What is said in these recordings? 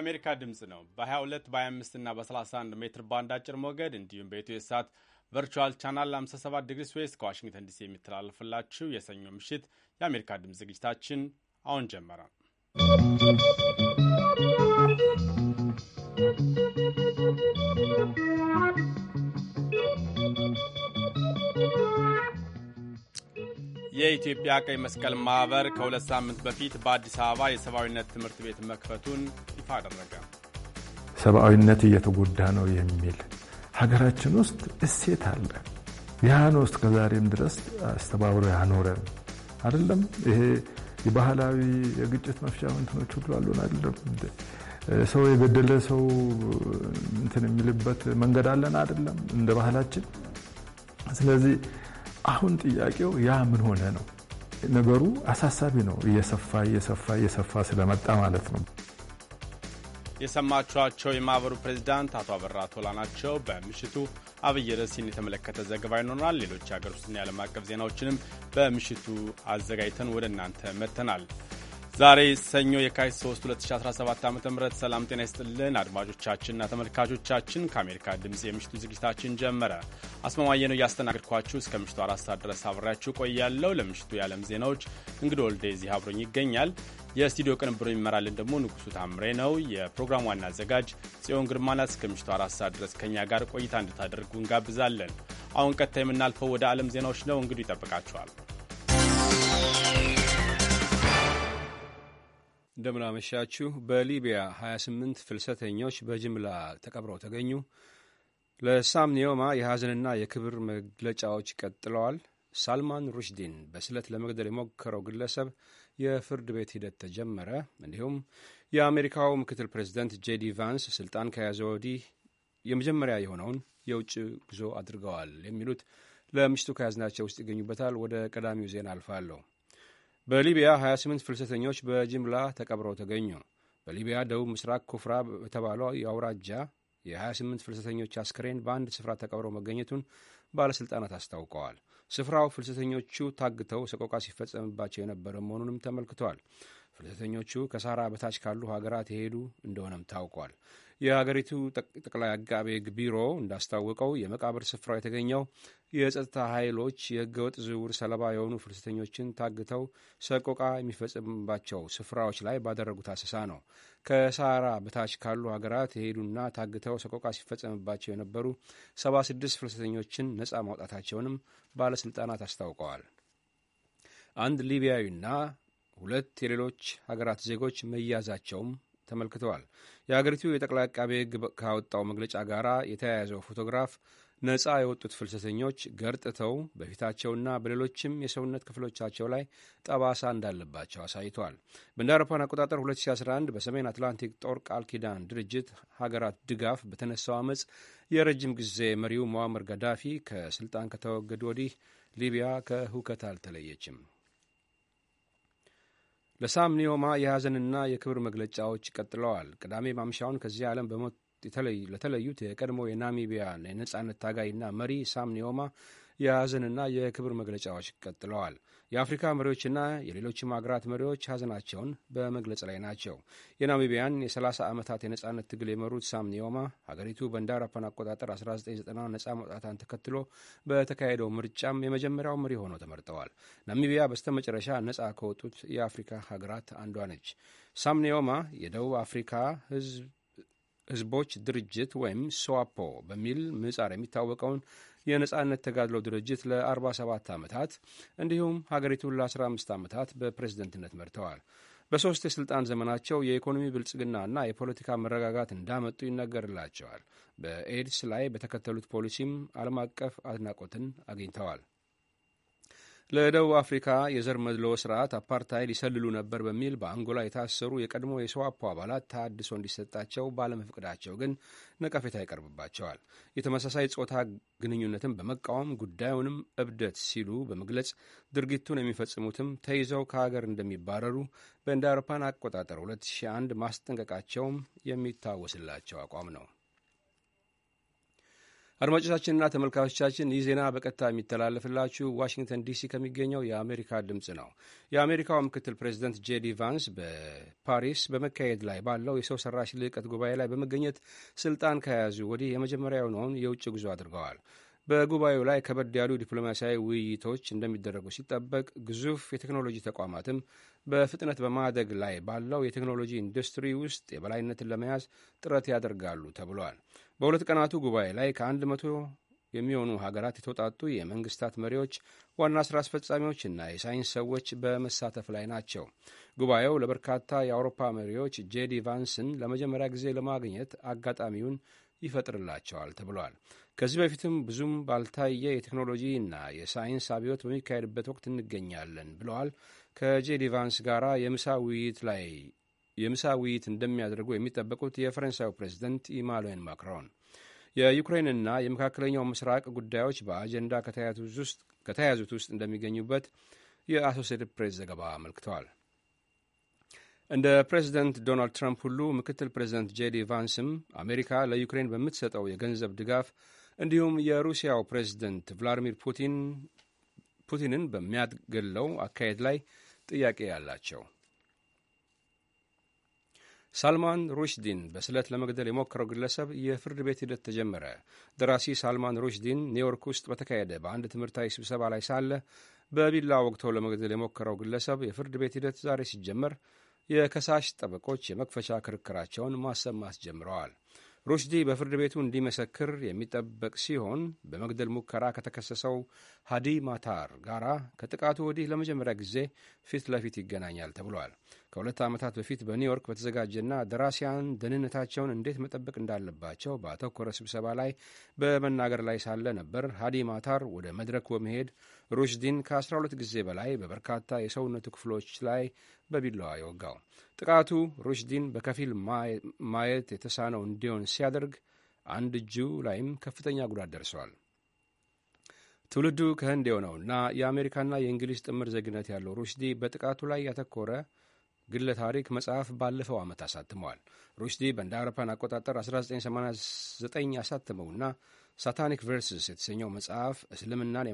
የአሜሪካ ድምፅ ነው። በ22 በ25 እና በ31 ሜትር ባንድ አጭር ሞገድ እንዲሁም በኢትዮ ሳት ቨርቹዋል ቻናል 57 ዲግሪ ስዌስ ከዋሽንግተን ዲሲ የሚተላለፍላችሁ የሰኞ ምሽት የአሜሪካ ድምፅ ዝግጅታችን አሁን ጀመረ። የኢትዮጵያ ቀይ መስቀል ማኅበር ከሁለት ሳምንት በፊት በአዲስ አበባ የሰብአዊነት ትምህርት ቤት መክፈቱን ይፋ አደረገ። ሰብአዊነት እየተጎዳ ነው የሚል ሀገራችን ውስጥ እሴት አለ። ያ ውስጥ ከዛሬም ድረስ አስተባብሮ ያኖረን አይደለም። ይሄ የባህላዊ የግጭት መፍቻ እንትኖች ሁሉ አሉን አይደለም። ሰው የገደለ ሰው እንትን የሚልበት መንገድ አለን አይደለም እንደ ባህላችን። ስለዚህ አሁን ጥያቄው ያ ምን ሆነ ነው። ነገሩ አሳሳቢ ነው። እየሰፋ እየሰፋ እየሰፋ ስለመጣ ማለት ነው። የሰማችኋቸው የማህበሩ ፕሬዚዳንት አቶ አበራ ቶላ ናቸው። በምሽቱ አብይ ርዕስን የተመለከተ ዘገባ ይኖረናል። ሌሎች የሀገር ውስጥና የዓለም አቀፍ ዜናዎችንም በምሽቱ አዘጋጅተን ወደ እናንተ መጥተናል። ዛሬ ሰኞ የካቲት 3 2017 ዓ ም ሰላም ጤና ይስጥልን አድማጮቻችንና ተመልካቾቻችን ከአሜሪካ ድምፅ የምሽቱ ዝግጅታችን ጀመረ። አስማማየ ነው እያስተናገድኳችሁ እስከ ምሽቱ አራት ሰዓት ድረስ አብሬያችሁ ቆያለሁ። ለምሽቱ የዓለም ዜናዎች እንግዲህ ወልደ እዚህ አብሮኝ ይገኛል። የስቱዲዮ ቅንብሮ ይመራልን ደግሞ ንጉሱ ታምሬ ነው። የፕሮግራም ዋና አዘጋጅ ጽዮን ግርማናት እስከ ምሽቱ አራት ሰዓት ድረስ ከእኛ ጋር ቆይታ እንድታደርጉ እንጋብዛለን። አሁን ቀጥታ የምናልፈው ወደ ዓለም ዜናዎች ነው። እንግዲህ ይጠብቃችኋል። እንደምናመሻችሁ። በሊቢያ 28 ፍልሰተኞች በጅምላ ተቀብረው ተገኙ። ለሳም ኒዮማ የሐዘንና የክብር መግለጫዎች ቀጥለዋል። ሳልማን ሩሽዲን በስለት ለመግደል የሞከረው ግለሰብ የፍርድ ቤት ሂደት ተጀመረ። እንዲሁም የአሜሪካው ምክትል ፕሬዚደንት ጄዲ ቫንስ ስልጣን ከያዘ ወዲህ የመጀመሪያ የሆነውን የውጭ ጉዞ አድርገዋል። የሚሉት ለምሽቱ ከያዝናቸው ውስጥ ይገኙበታል። ወደ ቀዳሚው ዜና አልፋለሁ። በሊቢያ 28 ፍልሰተኞች በጅምላ ተቀብረው ተገኙ። በሊቢያ ደቡብ ምስራቅ ኩፍራ በተባለው የአውራጃ የ28 ፍልሰተኞች አስክሬን በአንድ ስፍራ ተቀብረው መገኘቱን ባለሥልጣናት አስታውቀዋል። ስፍራው ፍልሰተኞቹ ታግተው ሰቆቃ ሲፈጸምባቸው የነበረ መሆኑንም ተመልክቷል። ፍልሰተኞቹ ከሳራ በታች ካሉ ሀገራት የሄዱ እንደሆነም ታውቋል። የሀገሪቱ ጠቅላይ አቃቤ ሕግ ቢሮ እንዳስታወቀው የመቃብር ስፍራ የተገኘው የጸጥታ ኃይሎች የህገወጥ ዝውውር ሰለባ የሆኑ ፍልሰተኞችን ታግተው ሰቆቃ የሚፈጽምባቸው ስፍራዎች ላይ ባደረጉት አሰሳ ነው። ከሳራ በታች ካሉ ሀገራት የሄዱና ታግተው ሰቆቃ ሲፈጸምባቸው የነበሩ 76 ፍልሰተኞችን ነፃ ማውጣታቸውንም ባለሥልጣናት አስታውቀዋል። አንድ ሊቢያዊና ሁለት የሌሎች ሀገራት ዜጎች መያዛቸውም ተመልክተዋል። የአገሪቱ የጠቅላይ አቃቤ ሕግ ካወጣው መግለጫ ጋር የተያያዘው ፎቶግራፍ ነጻ የወጡት ፍልሰተኞች ገርጥተው በፊታቸውና በሌሎችም የሰውነት ክፍሎቻቸው ላይ ጠባሳ እንዳለባቸው አሳይቷል። በእንደ አውሮፓን አቆጣጠር 2011 በሰሜን አትላንቲክ ጦር ቃል ኪዳን ድርጅት ሀገራት ድጋፍ በተነሳው አመፅ የረጅም ጊዜ መሪው ሙአመር ጋዳፊ ከስልጣን ከተወገዱ ወዲህ ሊቢያ ከሁከት አልተለየችም። ለሳምኒዮማ የሐዘንና የክብር መግለጫዎች ቀጥለዋል። ቅዳሜ ማምሻውን ከዚህ ዓለም በሞት ለተለዩት የቀድሞ የናሚቢያ የነጻነት ታጋይና መሪ ሳምኒዮማ የሐዘንና የክብር መግለጫዎች ቀጥለዋል። የአፍሪካ መሪዎችና የሌሎችም አገራት መሪዎች ሐዘናቸውን በመግለጽ ላይ ናቸው። የናሚቢያን የ30 ዓመታት የነጻነት ትግል የመሩት ሳም ኒዮማ ሀገሪቱ እንደ አቆጣጠር 1990 ነጻ መውጣታን ተከትሎ በተካሄደው ምርጫም የመጀመሪያው መሪ ሆነው ተመርጠዋል። ናሚቢያ በስተመጨረሻ ነጻ ከወጡት የአፍሪካ ሀገራት አንዷ ነች። ሳም ኒዮማ የደቡብ አፍሪካ ህዝቦች ድርጅት ወይም ስዋፖ በሚል ምህጻር የሚታወቀውን የነጻነት ተጋድሎ ድርጅት ለ47 ዓመታት እንዲሁም ሀገሪቱን ለ15 ዓመታት በፕሬዝደንትነት መርተዋል። በሦስት የሥልጣን ዘመናቸው የኢኮኖሚ ብልጽግናና የፖለቲካ መረጋጋት እንዳመጡ ይነገርላቸዋል። በኤድስ ላይ በተከተሉት ፖሊሲም ዓለም አቀፍ አድናቆትን አግኝተዋል። ለደቡብ አፍሪካ የዘር መድሎ ስርዓት አፓርታይድ ይሰልሉ ነበር በሚል በአንጎላ የታሰሩ የቀድሞ የሰዋፖ አባላት ታድሶ እንዲሰጣቸው ባለመፍቀዳቸው ግን ነቀፌታ ይቀርብባቸዋል። የተመሳሳይ ጾታ ግንኙነትን በመቃወም ጉዳዩንም እብደት ሲሉ በመግለጽ ድርጊቱን የሚፈጽሙትም ተይዘው ከሀገር እንደሚባረሩ በእንደ አውሮፓን አቆጣጠር 2001 ማስጠንቀቃቸውም የሚታወስላቸው አቋም ነው። አድማጮቻችንና ተመልካቾቻችን ይህ ዜና በቀጥታ የሚተላለፍላችሁ ዋሽንግተን ዲሲ ከሚገኘው የአሜሪካ ድምፅ ነው። የአሜሪካው ምክትል ፕሬዚደንት ጄዲ ቫንስ በፓሪስ በመካሄድ ላይ ባለው የሰው ሰራሽ ልዕቀት ጉባኤ ላይ በመገኘት ስልጣን ከያዙ ወዲህ የመጀመሪያው ነውን የውጭ ጉዞ አድርገዋል። በጉባኤው ላይ ከበድ ያሉ ዲፕሎማሲያዊ ውይይቶች እንደሚደረጉ ሲጠበቅ፣ ግዙፍ የቴክኖሎጂ ተቋማትም በፍጥነት በማደግ ላይ ባለው የቴክኖሎጂ ኢንዱስትሪ ውስጥ የበላይነትን ለመያዝ ጥረት ያደርጋሉ ተብሏል። በሁለት ቀናቱ ጉባኤ ላይ ከአንድ መቶ የሚሆኑ ሀገራት የተውጣጡ የመንግስታት መሪዎች፣ ዋና ሥራ አስፈጻሚዎች እና የሳይንስ ሰዎች በመሳተፍ ላይ ናቸው። ጉባኤው ለበርካታ የአውሮፓ መሪዎች ጄዲ ቫንስን ለመጀመሪያ ጊዜ ለማግኘት አጋጣሚውን ይፈጥርላቸዋል ተብሏል። ከዚህ በፊትም ብዙም ባልታየ የቴክኖሎጂ እና የሳይንስ አብዮት በሚካሄድበት ወቅት እንገኛለን ብለዋል። ከጄዲ ቫንስ ጋር የምሳ ውይይት ላይ የምሳ ውይይት እንደሚያደርጉ የሚጠበቁት የፈረንሳዩ ፕሬዚደንት ኢማኑዌል ማክሮን የዩክሬንና የመካከለኛው ምስራቅ ጉዳዮች በአጀንዳ ከተያያዙት ውስጥ እንደሚገኙበት የአሶሴትድ ፕሬስ ዘገባ አመልክተዋል። እንደ ፕሬዚደንት ዶናልድ ትራምፕ ሁሉ ምክትል ፕሬዚደንት ጄዲ ቫንስም አሜሪካ ለዩክሬን በምትሰጠው የገንዘብ ድጋፍ እንዲሁም የሩሲያው ፕሬዚደንት ቭላዲሚር ፑቲን ፑቲንን በሚያገለው አካሄድ ላይ ጥያቄ ያላቸው ሳልማን ሩሽዲን በስለት ለመግደል የሞከረው ግለሰብ የፍርድ ቤት ሂደት ተጀመረ። ደራሲ ሳልማን ሩሽዲን ኒውዮርክ ውስጥ በተካሄደ በአንድ ትምህርታዊ ስብሰባ ላይ ሳለ በቢላ ወግተው ለመግደል የሞከረው ግለሰብ የፍርድ ቤት ሂደት ዛሬ ሲጀመር የከሳሽ ጠበቆች የመክፈቻ ክርክራቸውን ማሰማት ጀምረዋል። ሩሽዲ በፍርድ ቤቱ እንዲመሰክር የሚጠበቅ ሲሆን በመግደል ሙከራ ከተከሰሰው ሃዲ ማታር ጋራ ከጥቃቱ ወዲህ ለመጀመሪያ ጊዜ ፊት ለፊት ይገናኛል ተብሏል። ከሁለት ዓመታት በፊት በኒውዮርክ በተዘጋጀና ደራሲያን ደህንነታቸውን እንዴት መጠበቅ እንዳለባቸው በአተኮረ ስብሰባ ላይ በመናገር ላይ ሳለ ነበር ሃዲ ማታር ወደ መድረክ በመሄድ ሩሽዲን ከ12 ጊዜ በላይ በበርካታ የሰውነቱ ክፍሎች ላይ በቢላዋ የወጋው። ጥቃቱ ሩሽዲን በከፊል ማየት የተሳነው እንዲሆን ሲያደርግ አንድ እጁ ላይም ከፍተኛ ጉዳት ደርሰዋል። ትውልዱ ከህንድ የሆነውና የአሜሪካና የእንግሊዝ ጥምር ዜግነት ያለው ሩሽዲ በጥቃቱ ላይ ያተኮረ ግለ ታሪክ መጽሐፍ ባለፈው ዓመት አሳትመዋል። ሩሽዲ በእንደ አውሮፓን አቆጣጠር 1989 ያሳተመውና ሳታኒክ ቨርስስ የተሰኘው መጽሐፍ እስልምናን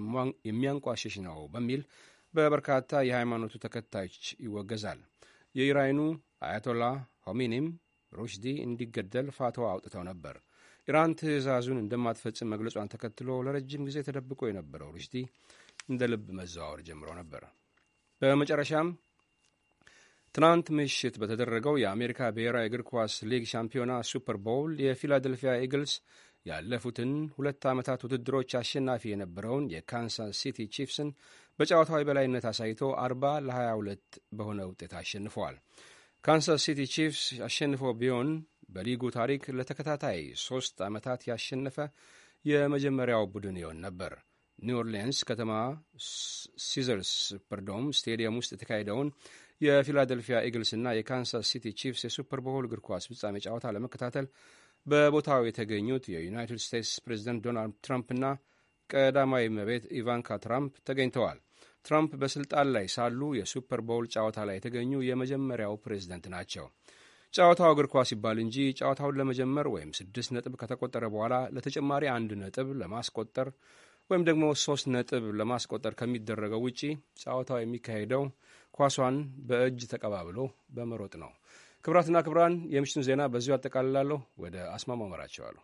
የሚያንቋሽሽ ነው በሚል በበርካታ የሃይማኖቱ ተከታዮች ይወገዛል። የኢራኑ አያቶላ ሆሚኒም ሩሽዲ እንዲገደል ፋትዋ አውጥተው ነበር። ኢራን ትዕዛዙን እንደማትፈጽም መግለጿን ተከትሎ ለረጅም ጊዜ ተደብቆ የነበረው ሩሽዲ እንደ ልብ መዘዋወር ጀምሮ ነበር። በመጨረሻም ትናንት ምሽት በተደረገው የአሜሪካ ብሔራዊ እግር ኳስ ሊግ ሻምፒዮና ሱፐር ቦውል የፊላደልፊያ ኢግልስ ያለፉትን ሁለት ዓመታት ውድድሮች አሸናፊ የነበረውን የካንሳስ ሲቲ ቺፍስን በጨዋታዊ በላይነት አሳይቶ 40 ለ22 በሆነ ውጤት አሸንፈዋል። ካንሳስ ሲቲ ቺፍስ አሸንፎ ቢሆን በሊጉ ታሪክ ለተከታታይ ሦስት ዓመታት ያሸነፈ የመጀመሪያው ቡድን ይሆን ነበር። ኒው ኦርሊንስ ከተማ ሲዘርስ ፐርዶም ስቴዲየም ውስጥ የተካሄደውን የፊላደልፊያ እና የካንሳስ ሲቲ ቺፍስ የሱፐር ቦል እግር ኳስ ፍጻሜ ጨዋታ ለመከታተል በቦታው የተገኙት የዩናይትድ ስቴትስ ፕሬዚደንት ዶናልድ እና ቀዳማዊ እመቤት ኢቫንካ ትራምፕ ተገኝተዋል። ትራምፕ በስልጣን ላይ ሳሉ የሱፐር ቦል ጨዋታ ላይ የተገኙ የመጀመሪያው ፕሬዝደንት ናቸው። ጨዋታው እግር ኳስ ይባል እንጂ ጨዋታውን ለመጀመር ወይም ስድስት ነጥብ ከተቆጠረ በኋላ ለተጨማሪ አንድ ነጥብ ለማስቆጠር ወይም ደግሞ ሶስት ነጥብ ለማስቆጠር ከሚደረገው ውጪ ጨዋታው የሚካሄደው ኳሷን በእጅ ተቀባብሎ በመሮጥ ነው። ክብራትና ክብራን፣ የምሽቱን ዜና በዚሁ አጠቃልላለሁ። ወደ አስማማው መራቸዋለሁ።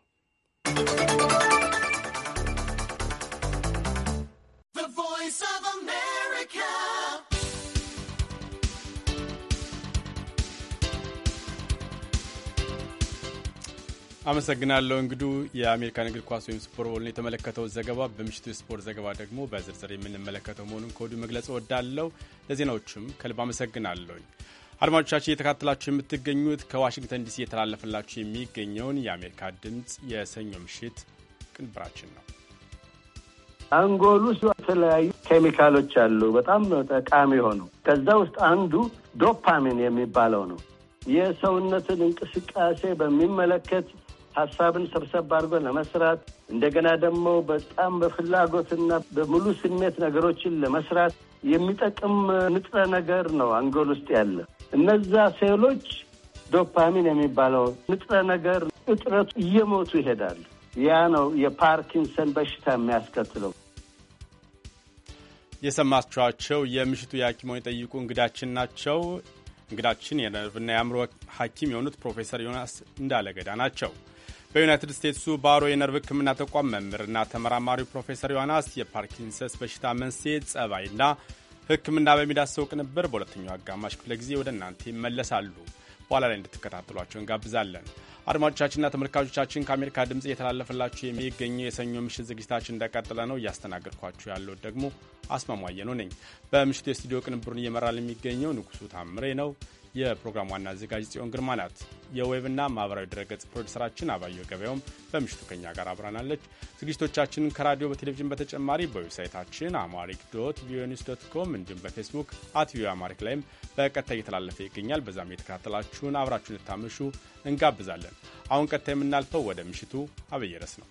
አመሰግናለሁ እንግዱ። የአሜሪካን እግር ኳስ ወይም ሱፐር የተመለከተው ዘገባ በምሽቱ የስፖርት ዘገባ ደግሞ በዝርዝር የምንመለከተው መሆኑን ከወዲሁ መግለጽ እወዳለሁ። ለዜናዎቹም ከልብ አመሰግናለሁኝ። አድማጮቻችን እየተካተላችሁ የምትገኙት ከዋሽንግተን ዲሲ የተላለፈላችሁ የሚገኘውን የአሜሪካ ድምፅ የሰኞ ምሽት ቅንብራችን ነው። አንጎል ውስጥ የተለያዩ ኬሚካሎች አሉ፣ በጣም ጠቃሚ የሆኑ ከዛ ውስጥ አንዱ ዶፓሚን የሚባለው ነው። የሰውነትን እንቅስቃሴ በሚመለከት ሀሳብን ሰብሰብ አድርጎ ለመስራት እንደገና ደግሞ በጣም በፍላጎትና በሙሉ ስሜት ነገሮችን ለመስራት የሚጠቅም ንጥረ ነገር ነው አንጎል ውስጥ ያለ። እነዛ ሴሎች ዶፓሚን የሚባለው ንጥረ ነገር እጥረቱ እየሞቱ ይሄዳሉ። ያ ነው የፓርኪንሰን በሽታ የሚያስከትለው። የሰማችኋቸው የምሽቱ የሐኪሞን የጠይቁ እንግዳችን ናቸው። እንግዳችን የነርቭና የአእምሮ ሐኪም የሆኑት ፕሮፌሰር ዮናስ እንዳለገዳ ናቸው። በዩናይትድ ስቴትሱ ባሮ የነርቭ ሕክምና ተቋም መምህርና ተመራማሪው ፕሮፌሰር ዮሐናስ የፓርኪንሰንስ በሽታ መንስኤ ጸባይና ሕክምና በሚዳሰው ቅንብር በሁለተኛው አጋማሽ ክፍለ ጊዜ ወደ እናንተ ይመለሳሉ። በኋላ ላይ እንድትከታተሏቸው እንጋብዛለን። አድማጮቻችንና ተመልካቾቻችን ከአሜሪካ ድምፅ እየተላለፈላችሁ የሚገኘው የሰኞ ምሽት ዝግጅታችን እንደቀጠለ ነው። እያስተናገድኳችሁ ያለው ደግሞ አስማማየ ነው ነኝ። በምሽቱ የስቱዲዮ ቅንብሩን እየመራል የሚገኘው ንጉሱ ታምሬ ነው። የፕሮግራም ዋና አዘጋጅ ጽዮን ግርማ ናት። የዌብና ማኅበራዊ ድረገጽ ፕሮዲሰራችን አባየ ገበያውም በምሽቱ ከኛ ጋር አብራናለች። ዝግጅቶቻችንን ከራዲዮ በቴሌቪዥን በተጨማሪ በዌብሳይታችን አማሪክ ዶት ቪኦኤ ዶት ኮም እንዲሁም በፌስቡክ አት ቪኦኤ አማሪክ ላይም በቀጥታ እየተላለፈ ይገኛል። በዛም እየተከታተላችሁን አብራችሁን ልታመሹ እንጋብዛለን። አሁን ቀጥታ የምናልፈው ወደ ምሽቱ አብይ ርዕስ ነው።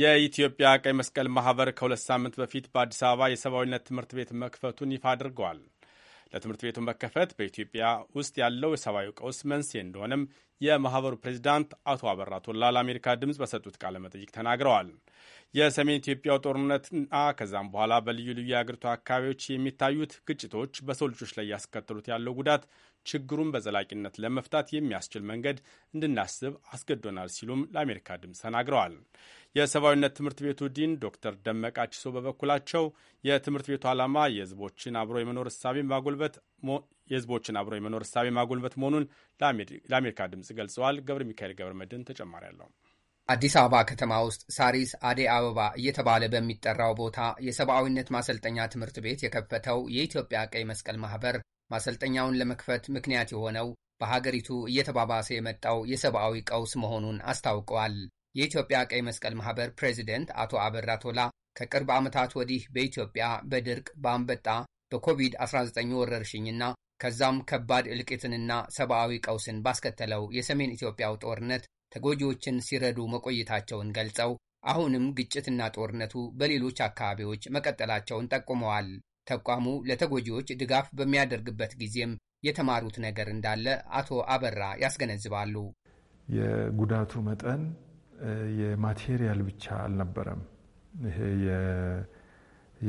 የኢትዮጵያ ቀይ መስቀል ማህበር ከሁለት ሳምንት በፊት በአዲስ አበባ የሰብአዊነት ትምህርት ቤት መክፈቱን ይፋ አድርገዋል። ለትምህርት ቤቱ መከፈት በኢትዮጵያ ውስጥ ያለው የሰብአዊ ቀውስ መንስኤ እንደሆነም የማህበሩ ፕሬዚዳንት አቶ አበራ ቶላ ለአሜሪካ ድምፅ በሰጡት ቃለ መጠይቅ ተናግረዋል። የሰሜን ኢትዮጵያው ጦርነትና ከዛም በኋላ በልዩ ልዩ የአገሪቱ አካባቢዎች የሚታዩት ግጭቶች በሰው ልጆች ላይ እያስከተሉት ያለው ጉዳት ችግሩን በዘላቂነት ለመፍታት የሚያስችል መንገድ እንድናስብ አስገዶናል ሲሉም ለአሜሪካ ድምፅ ተናግረዋል። የሰብአዊነት ትምህርት ቤቱ ዲን ዶክተር ደመቃ ቺሶ በበኩላቸው የትምህርት ቤቱ ዓላማ የህዝቦችን አብሮ የመኖር እሳቤ ማጎልበት የህዝቦችን አብሮ የመኖር እሳቤ ማጎልበት መሆኑን ለአሜሪካ ድምፅ ገልጸዋል። ገብረ ሚካኤል ገብረ መድን ተጨማሪ አለው። አዲስ አበባ ከተማ ውስጥ ሳሪስ አዴ አበባ እየተባለ በሚጠራው ቦታ የሰብአዊነት ማሰልጠኛ ትምህርት ቤት የከፈተው የኢትዮጵያ ቀይ መስቀል ማህበር ማሰልጠኛውን ለመክፈት ምክንያት የሆነው በሀገሪቱ እየተባባሰ የመጣው የሰብአዊ ቀውስ መሆኑን አስታውቀዋል። የኢትዮጵያ ቀይ መስቀል ማህበር ፕሬዚደንት አቶ አበራ ቶላ ከቅርብ ዓመታት ወዲህ በኢትዮጵያ በድርቅ በአንበጣ በኮቪድ-19 ወረርሽኝና ከዛም ከባድ እልቂትንና ሰብአዊ ቀውስን ባስከተለው የሰሜን ኢትዮጵያው ጦርነት ተጎጂዎችን ሲረዱ መቆየታቸውን ገልጸው አሁንም ግጭትና ጦርነቱ በሌሎች አካባቢዎች መቀጠላቸውን ጠቁመዋል። ተቋሙ ለተጎጂዎች ድጋፍ በሚያደርግበት ጊዜም የተማሩት ነገር እንዳለ አቶ አበራ ያስገነዝባሉ። የጉዳቱ መጠን የማቴሪያል ብቻ አልነበረም። ይሄ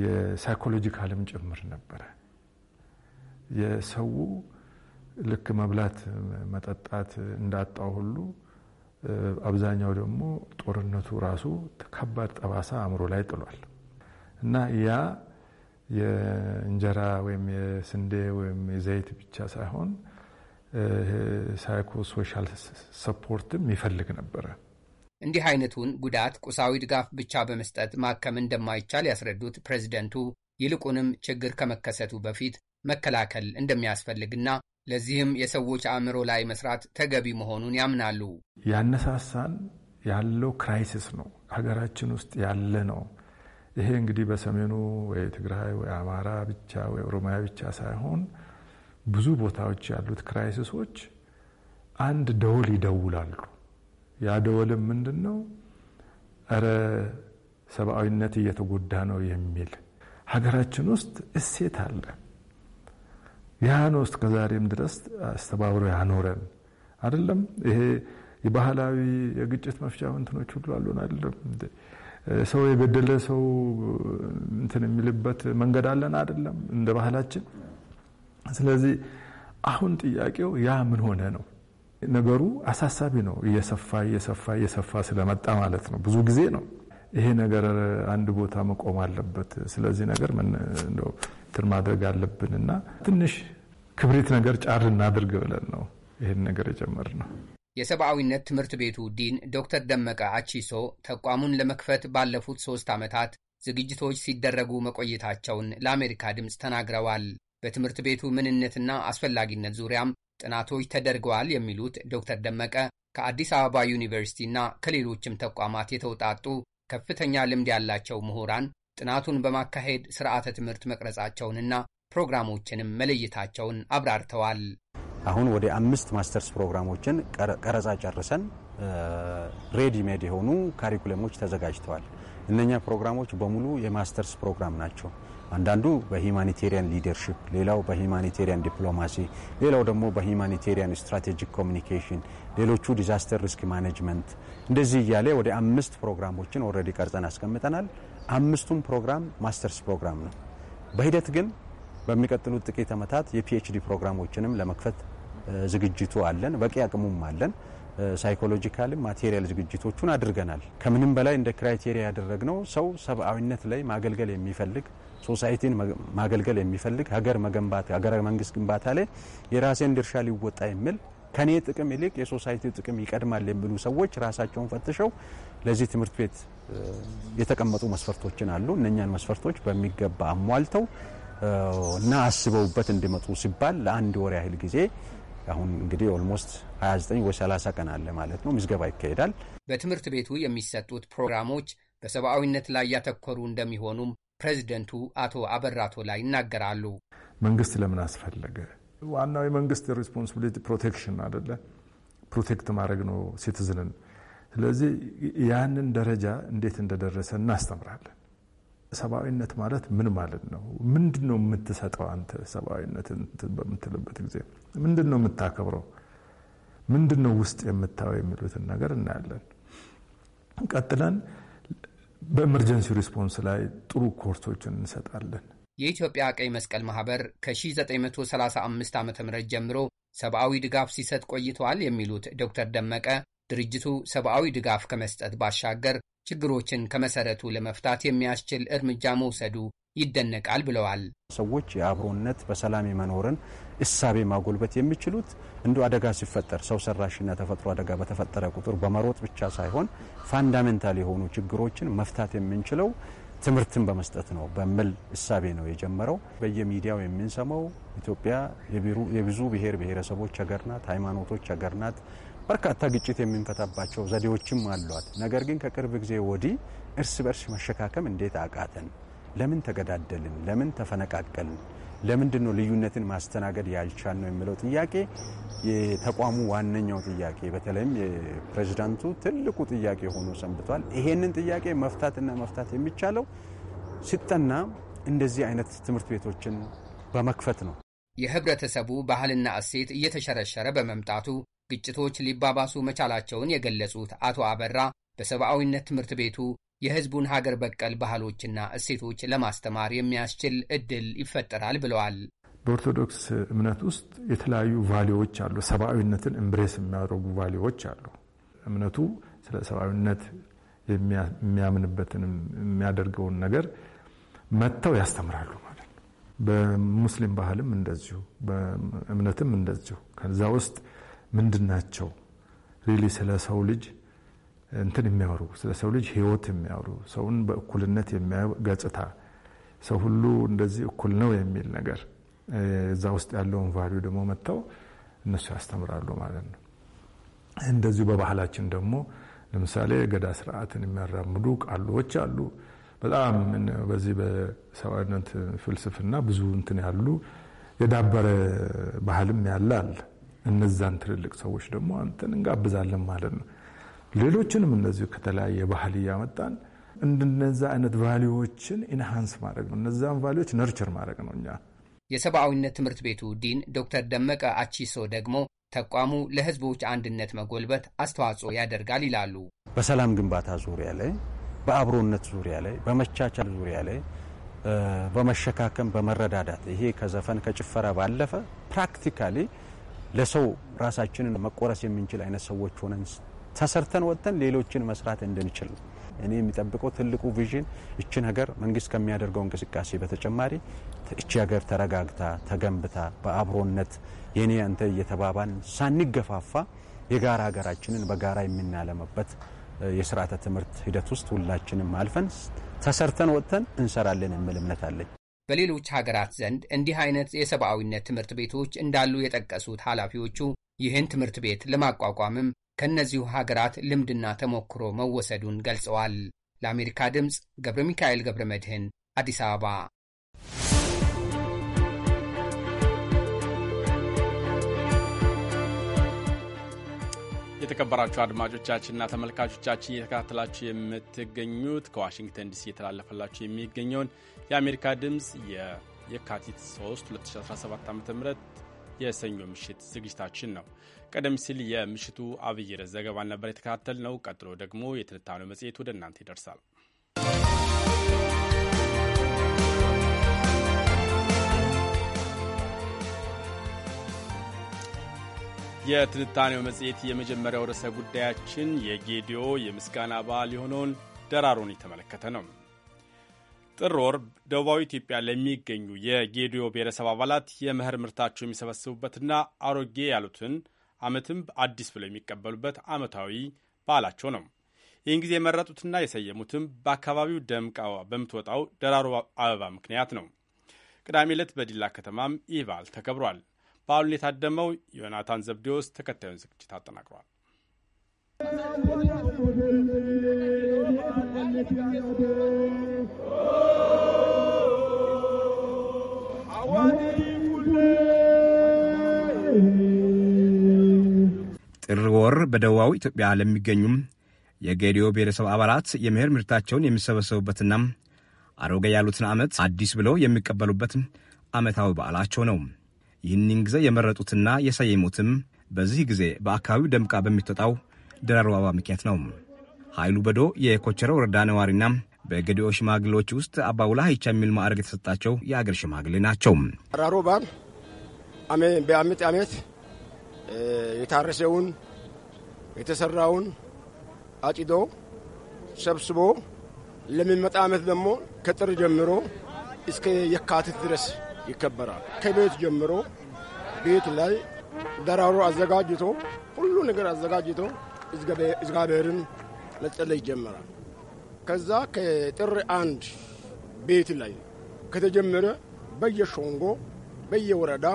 የሳይኮሎጂካልም ጭምር ነበረ። የሰው ልክ መብላት መጠጣት እንዳጣው ሁሉ አብዛኛው ደግሞ ጦርነቱ ራሱ ከባድ ጠባሳ አእምሮ ላይ ጥሏል እና ያ የእንጀራ ወይም የስንዴ ወይም የዘይት ብቻ ሳይሆን ሳይኮ ሶሻል ሰፖርትም ይፈልግ ነበረ። እንዲህ አይነቱን ጉዳት ቁሳዊ ድጋፍ ብቻ በመስጠት ማከም እንደማይቻል ያስረዱት ፕሬዚደንቱ ይልቁንም ችግር ከመከሰቱ በፊት መከላከል እንደሚያስፈልግና ለዚህም የሰዎች አእምሮ ላይ መስራት ተገቢ መሆኑን ያምናሉ። ያነሳሳን ያለው ክራይሲስ ነው፣ ሀገራችን ውስጥ ያለ ነው። ይሄ እንግዲህ በሰሜኑ ወይ ትግራይ ወይ አማራ ብቻ ወይ ኦሮሚያ ብቻ ሳይሆን ብዙ ቦታዎች ያሉት ክራይሲሶች አንድ ደወል ይደውላሉ። ያ ደወልም ምንድን ነው? እረ ሰብአዊነት እየተጎዳ ነው የሚል ሀገራችን ውስጥ እሴት አለ። ያ ውስጥ ከዛሬም ድረስ አስተባብሮ ያኖረን አይደለም። ይሄ የባህላዊ የግጭት መፍቻ እንትኖች ሁሉ አሉን አይደለም ሰው የበደለ ሰው እንትን የሚልበት መንገድ አለን አይደለም፣ እንደ ባህላችን። ስለዚህ አሁን ጥያቄው ያ ምን ሆነ ነው። ነገሩ አሳሳቢ ነው። እየሰፋ እየሰፋ እየሰፋ ስለመጣ ማለት ነው። ብዙ ጊዜ ነው ይሄ ነገር አንድ ቦታ መቆም አለበት። ስለዚህ ነገር እንትን ማድረግ አለብን እና ትንሽ ክብሪት ነገር ጫር እናድርግ ብለን ነው ይህን ነገር የጀመርነው። የሰብአዊነት ትምህርት ቤቱ ዲን ዶክተር ደመቀ አቺሶ ተቋሙን ለመክፈት ባለፉት ሦስት ዓመታት ዝግጅቶች ሲደረጉ መቆየታቸውን ለአሜሪካ ድምፅ ተናግረዋል። በትምህርት ቤቱ ምንነትና አስፈላጊነት ዙሪያም ጥናቶች ተደርገዋል የሚሉት ዶክተር ደመቀ ከአዲስ አበባ ዩኒቨርሲቲና ከሌሎችም ተቋማት የተውጣጡ ከፍተኛ ልምድ ያላቸው ምሁራን ጥናቱን በማካሄድ ስርዓተ ትምህርት መቅረጻቸውንና ፕሮግራሞችንም መለየታቸውን አብራርተዋል። አሁን ወደ አምስት ማስተርስ ፕሮግራሞችን ቀረጻ ጨርሰን ሬዲ ሜድ የሆኑ ካሪኩለሞች ተዘጋጅተዋል። እነኛ ፕሮግራሞች በሙሉ የማስተርስ ፕሮግራም ናቸው። አንዳንዱ በሂማኒቴሪያን ሊደርሽፕ፣ ሌላው በሂማኒቴሪያን ዲፕሎማሲ፣ ሌላው ደግሞ በሂማኒቴሪያን ስትራቴጂክ ኮሚኒኬሽን፣ ሌሎቹ ዲዛስተር ሪስክ ማኔጅመንት፣ እንደዚህ እያለ ወደ አምስት ፕሮግራሞችን ኦልሬዲ ቀርጸን አስቀምጠናል። አምስቱም ፕሮግራም ማስተርስ ፕሮግራም ነው። በሂደት ግን በሚቀጥሉት ጥቂት ዓመታት የፒኤችዲ ፕሮግራሞችንም ለመክፈት ዝግጅቱ አለን፣ በቂ አቅሙም አለን። ሳይኮሎጂካልም ማቴሪያል ዝግጅቶቹን አድርገናል። ከምንም በላይ እንደ ክራይቴሪያ ያደረግነው ሰው ሰብአዊነት ላይ ማገልገል የሚፈልግ ሶሳይቲን ማገልገል የሚፈልግ ሀገር መገንባት ሀገረ መንግስት ግንባታ ላይ የራሴን ድርሻ ሊወጣ የሚል ከኔ ጥቅም ይልቅ የሶሳይቲ ጥቅም ይቀድማል የሚሉ ሰዎች ራሳቸውን ፈትሸው ለዚህ ትምህርት ቤት የተቀመጡ መስፈርቶችን አሉ። እነኛን መስፈርቶች በሚገባ አሟልተው እና አስበውበት እንዲመጡ ሲባል ለአንድ ወር ያህል ጊዜ አሁን እንግዲህ ኦልሞስት 29 ወይ 30 ቀን አለ ማለት ነው። ምዝገባ ይካሄዳል። በትምህርት ቤቱ የሚሰጡት ፕሮግራሞች በሰብአዊነት ላይ ያተኮሩ እንደሚሆኑም ፕሬዚደንቱ አቶ አበራቶ ላይ ይናገራሉ። መንግስት ለምን አስፈለገ? ዋናው የመንግስት ሪስፖንሲቢሊቲ ፕሮቴክሽን አደለ? ፕሮቴክት ማድረግ ነው ሲቲዝንን። ስለዚህ ያንን ደረጃ እንዴት እንደደረሰ እናስተምራለን። ሰብአዊነት ማለት ምን ማለት ነው? ምንድን ነው የምትሰጠው አንተ ሰብአዊነትን በምትልበት ጊዜ ምንድን ነው የምታከብረው? ምንድን ነው ውስጥ የምታየው? የሚሉትን ነገር እናያለን። ቀጥለን በኤመርጀንሲ ሪስፖንስ ላይ ጥሩ ኮርሶችን እንሰጣለን። የኢትዮጵያ ቀይ መስቀል ማህበር ከ1935 ዓ ም ጀምሮ ሰብአዊ ድጋፍ ሲሰጥ ቆይተዋል የሚሉት ዶክተር ደመቀ ድርጅቱ ሰብአዊ ድጋፍ ከመስጠት ባሻገር ችግሮችን ከመሰረቱ ለመፍታት የሚያስችል እርምጃ መውሰዱ ይደነቃል ብለዋል። ሰዎች የአብሮነት በሰላም የመኖርን እሳቤ ማጎልበት የሚችሉት እንዲ አደጋ ሲፈጠር ሰው ሰራሽና ተፈጥሮ አደጋ በተፈጠረ ቁጥር በመሮጥ ብቻ ሳይሆን ፋንዳሜንታል የሆኑ ችግሮችን መፍታት የምንችለው ትምህርትን በመስጠት ነው በሚል እሳቤ ነው የጀመረው። በየሚዲያው የምንሰማው ኢትዮጵያ የብዙ ብሔር ብሔረሰቦች ሀገር ናት፣ ሃይማኖቶች ሀገር ናት። በርካታ ግጭት የምንፈታባቸው ዘዴዎችም አሏት። ነገር ግን ከቅርብ ጊዜ ወዲህ እርስ በርስ መሸካከም እንዴት አቃተን ለምን ተገዳደልን? ለምን ተፈነቃቀልን? ለምንድን ነው ልዩነትን ማስተናገድ ያልቻል ነው የሚለው ጥያቄ የተቋሙ ዋነኛው ጥያቄ በተለይም የፕሬዚዳንቱ ትልቁ ጥያቄ ሆኖ ሰንብቷል። ይሄንን ጥያቄ መፍታትና መፍታት የሚቻለው ሲጠና እንደዚህ አይነት ትምህርት ቤቶችን በመክፈት ነው። የህብረተሰቡ ባህልና እሴት እየተሸረሸረ በመምጣቱ ግጭቶች ሊባባሱ መቻላቸውን የገለጹት አቶ አበራ በሰብአዊነት ትምህርት ቤቱ የህዝቡን ሀገር በቀል ባህሎችና እሴቶች ለማስተማር የሚያስችል እድል ይፈጠራል ብለዋል። በኦርቶዶክስ እምነት ውስጥ የተለያዩ ቫሌዎች አሉ። ሰብአዊነትን እምብሬስ የሚያደርጉ ቫሌዎች አሉ። እምነቱ ስለ ሰብአዊነት የሚያምንበትን የሚያደርገውን ነገር መጥተው ያስተምራሉ ማለት ነው። በሙስሊም ባህልም እንደዚሁ፣ በእምነትም እንደዚሁ ከዛ ውስጥ ምንድን ናቸው ሪሊ ስለ ሰው ልጅ እንትን የሚያወሩ ስለ ሰው ልጅ ህይወት የሚያወሩ ሰውን በእኩልነት የሚያዩ ገጽታ ሰው ሁሉ እንደዚህ እኩል ነው የሚል ነገር እዛ ውስጥ ያለውን ቫሉ ደግሞ መጥተው እነሱ ያስተምራሉ ማለት ነው። እንደዚሁ በባህላችን ደግሞ ለምሳሌ ገዳ ስርዓትን የሚያራምዱ ቃሎች አሉ። በጣም በዚህ በሰብአዊነት ፍልስፍና ብዙ እንትን ያሉ የዳበረ ባህልም ያላል። እነዛን ትልልቅ ሰዎች ደግሞ እንትን እንጋብዛለን ማለት ነው። ሌሎችንም እንደዚሁ ከተለያየ ባህል እያመጣን እንደነዛ አይነት ቫሊዎችን ኢንሃንስ ማድረግ ነው። እነዛን ቫሊዎች ነርቸር ማድረግ ነው። እኛ የሰብአዊነት ትምህርት ቤቱ ዲን ዶክተር ደመቀ አቺሶ ደግሞ ተቋሙ ለህዝቦች አንድነት መጎልበት አስተዋጽኦ ያደርጋል ይላሉ። በሰላም ግንባታ ዙሪያ ላይ፣ በአብሮነት ዙሪያ ላይ፣ በመቻቻል ዙሪያ ላይ፣ በመሸካከም በመረዳዳት ይሄ ከዘፈን ከጭፈራ ባለፈ ፕራክቲካሊ ለሰው ራሳችንን መቆረስ የምንችል አይነት ሰዎች ሆነን ተሰርተን ወጥተን ሌሎችን መስራት እንድንችል እኔ የሚጠብቀው ትልቁ ቪዥን እችን ሀገር መንግስት ከሚያደርገው እንቅስቃሴ በተጨማሪ እቺ ሀገር ተረጋግታ ተገንብታ በአብሮነት የኔ አንተ እየተባባን ሳንገፋፋ የጋራ ሀገራችንን በጋራ የምናለመበት የስርዓተ ትምህርት ሂደት ውስጥ ሁላችንም አልፈን ተሰርተን ወጥተን እንሰራለን የሚል እምነት አለኝ። በሌሎች ሀገራት ዘንድ እንዲህ አይነት የሰብአዊነት ትምህርት ቤቶች እንዳሉ የጠቀሱት ኃላፊዎቹ ይህን ትምህርት ቤት ለማቋቋምም ከእነዚሁ ሀገራት ልምድና ተሞክሮ መወሰዱን ገልጸዋል። ለአሜሪካ ድምፅ ገብረ ሚካኤል ገብረ መድህን አዲስ አበባ። የተከበራችሁ አድማጮቻችንና ተመልካቾቻችን እየተከታተላችሁ የምትገኙት ከዋሽንግተን ዲሲ የተላለፈላችሁ የሚገኘውን የአሜሪካ ድምፅ የካቲት 3 2017 ዓ ም የሰኞ ምሽት ዝግጅታችን ነው። ቀደም ሲል የምሽቱ አብይ ርዕስ ዘገባን ነበር የተከታተል ነው። ቀጥሎ ደግሞ የትንታኔው መጽሔት ወደ እናንተ ይደርሳል። የትንታኔው መጽሔት የመጀመሪያው ርዕሰ ጉዳያችን የጌዲዮ የምስጋና በዓል የሆነውን ደራሮን የተመለከተ ነው። ጥር ወር ደቡባዊ ኢትዮጵያ ለሚገኙ የጌዲዮ ብሔረሰብ አባላት የመኸር ምርታቸው የሚሰበስቡበትና አሮጌ ያሉትን ዓመትም አዲስ ብለው የሚቀበሉበት ዓመታዊ በዓላቸው ነው። ይህን ጊዜ የመረጡትና የሰየሙትም በአካባቢው ደምቃ በምትወጣው ደራሮ አበባ ምክንያት ነው። ቅዳሜ ዕለት በዲላ ከተማም ይህ በዓል ተከብሯል። በዓሉን የታደመው ዮናታን ዘብዴዎስ ተከታዩን ዝግጅት አጠናቅሯል። ጥር ወር በደቡባዊ ኢትዮጵያ ለሚገኙም የጌዲዮ ብሔረሰብ አባላት የምህር ምርታቸውን የሚሰበሰቡበትና አሮጌ ያሉትን ዓመት አዲስ ብለው የሚቀበሉበት ዓመታዊ በዓላቸው ነው። ይህንን ጊዜ የመረጡትና የሰየሙትም በዚህ ጊዜ በአካባቢው ደምቃ በሚትወጣው ደራሮ አበባ ምክንያት ነው። ኃይሉ በዶ የኮቸረ ወረዳ ነዋሪና በገዲኦ ሽማግሌዎች ውስጥ አባውላ ሀይቻ የሚል ማዕረግ የተሰጣቸው የአገር ሽማግሌ ናቸው። አራሮ ባል በአመት አመት የታረሰውን የተሰራውን አጭዶ ሰብስቦ ለሚመጣ አመት ደግሞ ከጥር ጀምሮ እስከ የካቲት ድረስ ይከበራል። ከቤት ጀምሮ ቤት ላይ ደራሮ አዘጋጅቶ ሁሉ ነገር አዘጋጅቶ እግዚአብሔርን መጸለይ ይጀምራል። ከዛ ከጥር አንድ ቤት ላይ ከተጀመረ በየሾንጎ በየወረዳ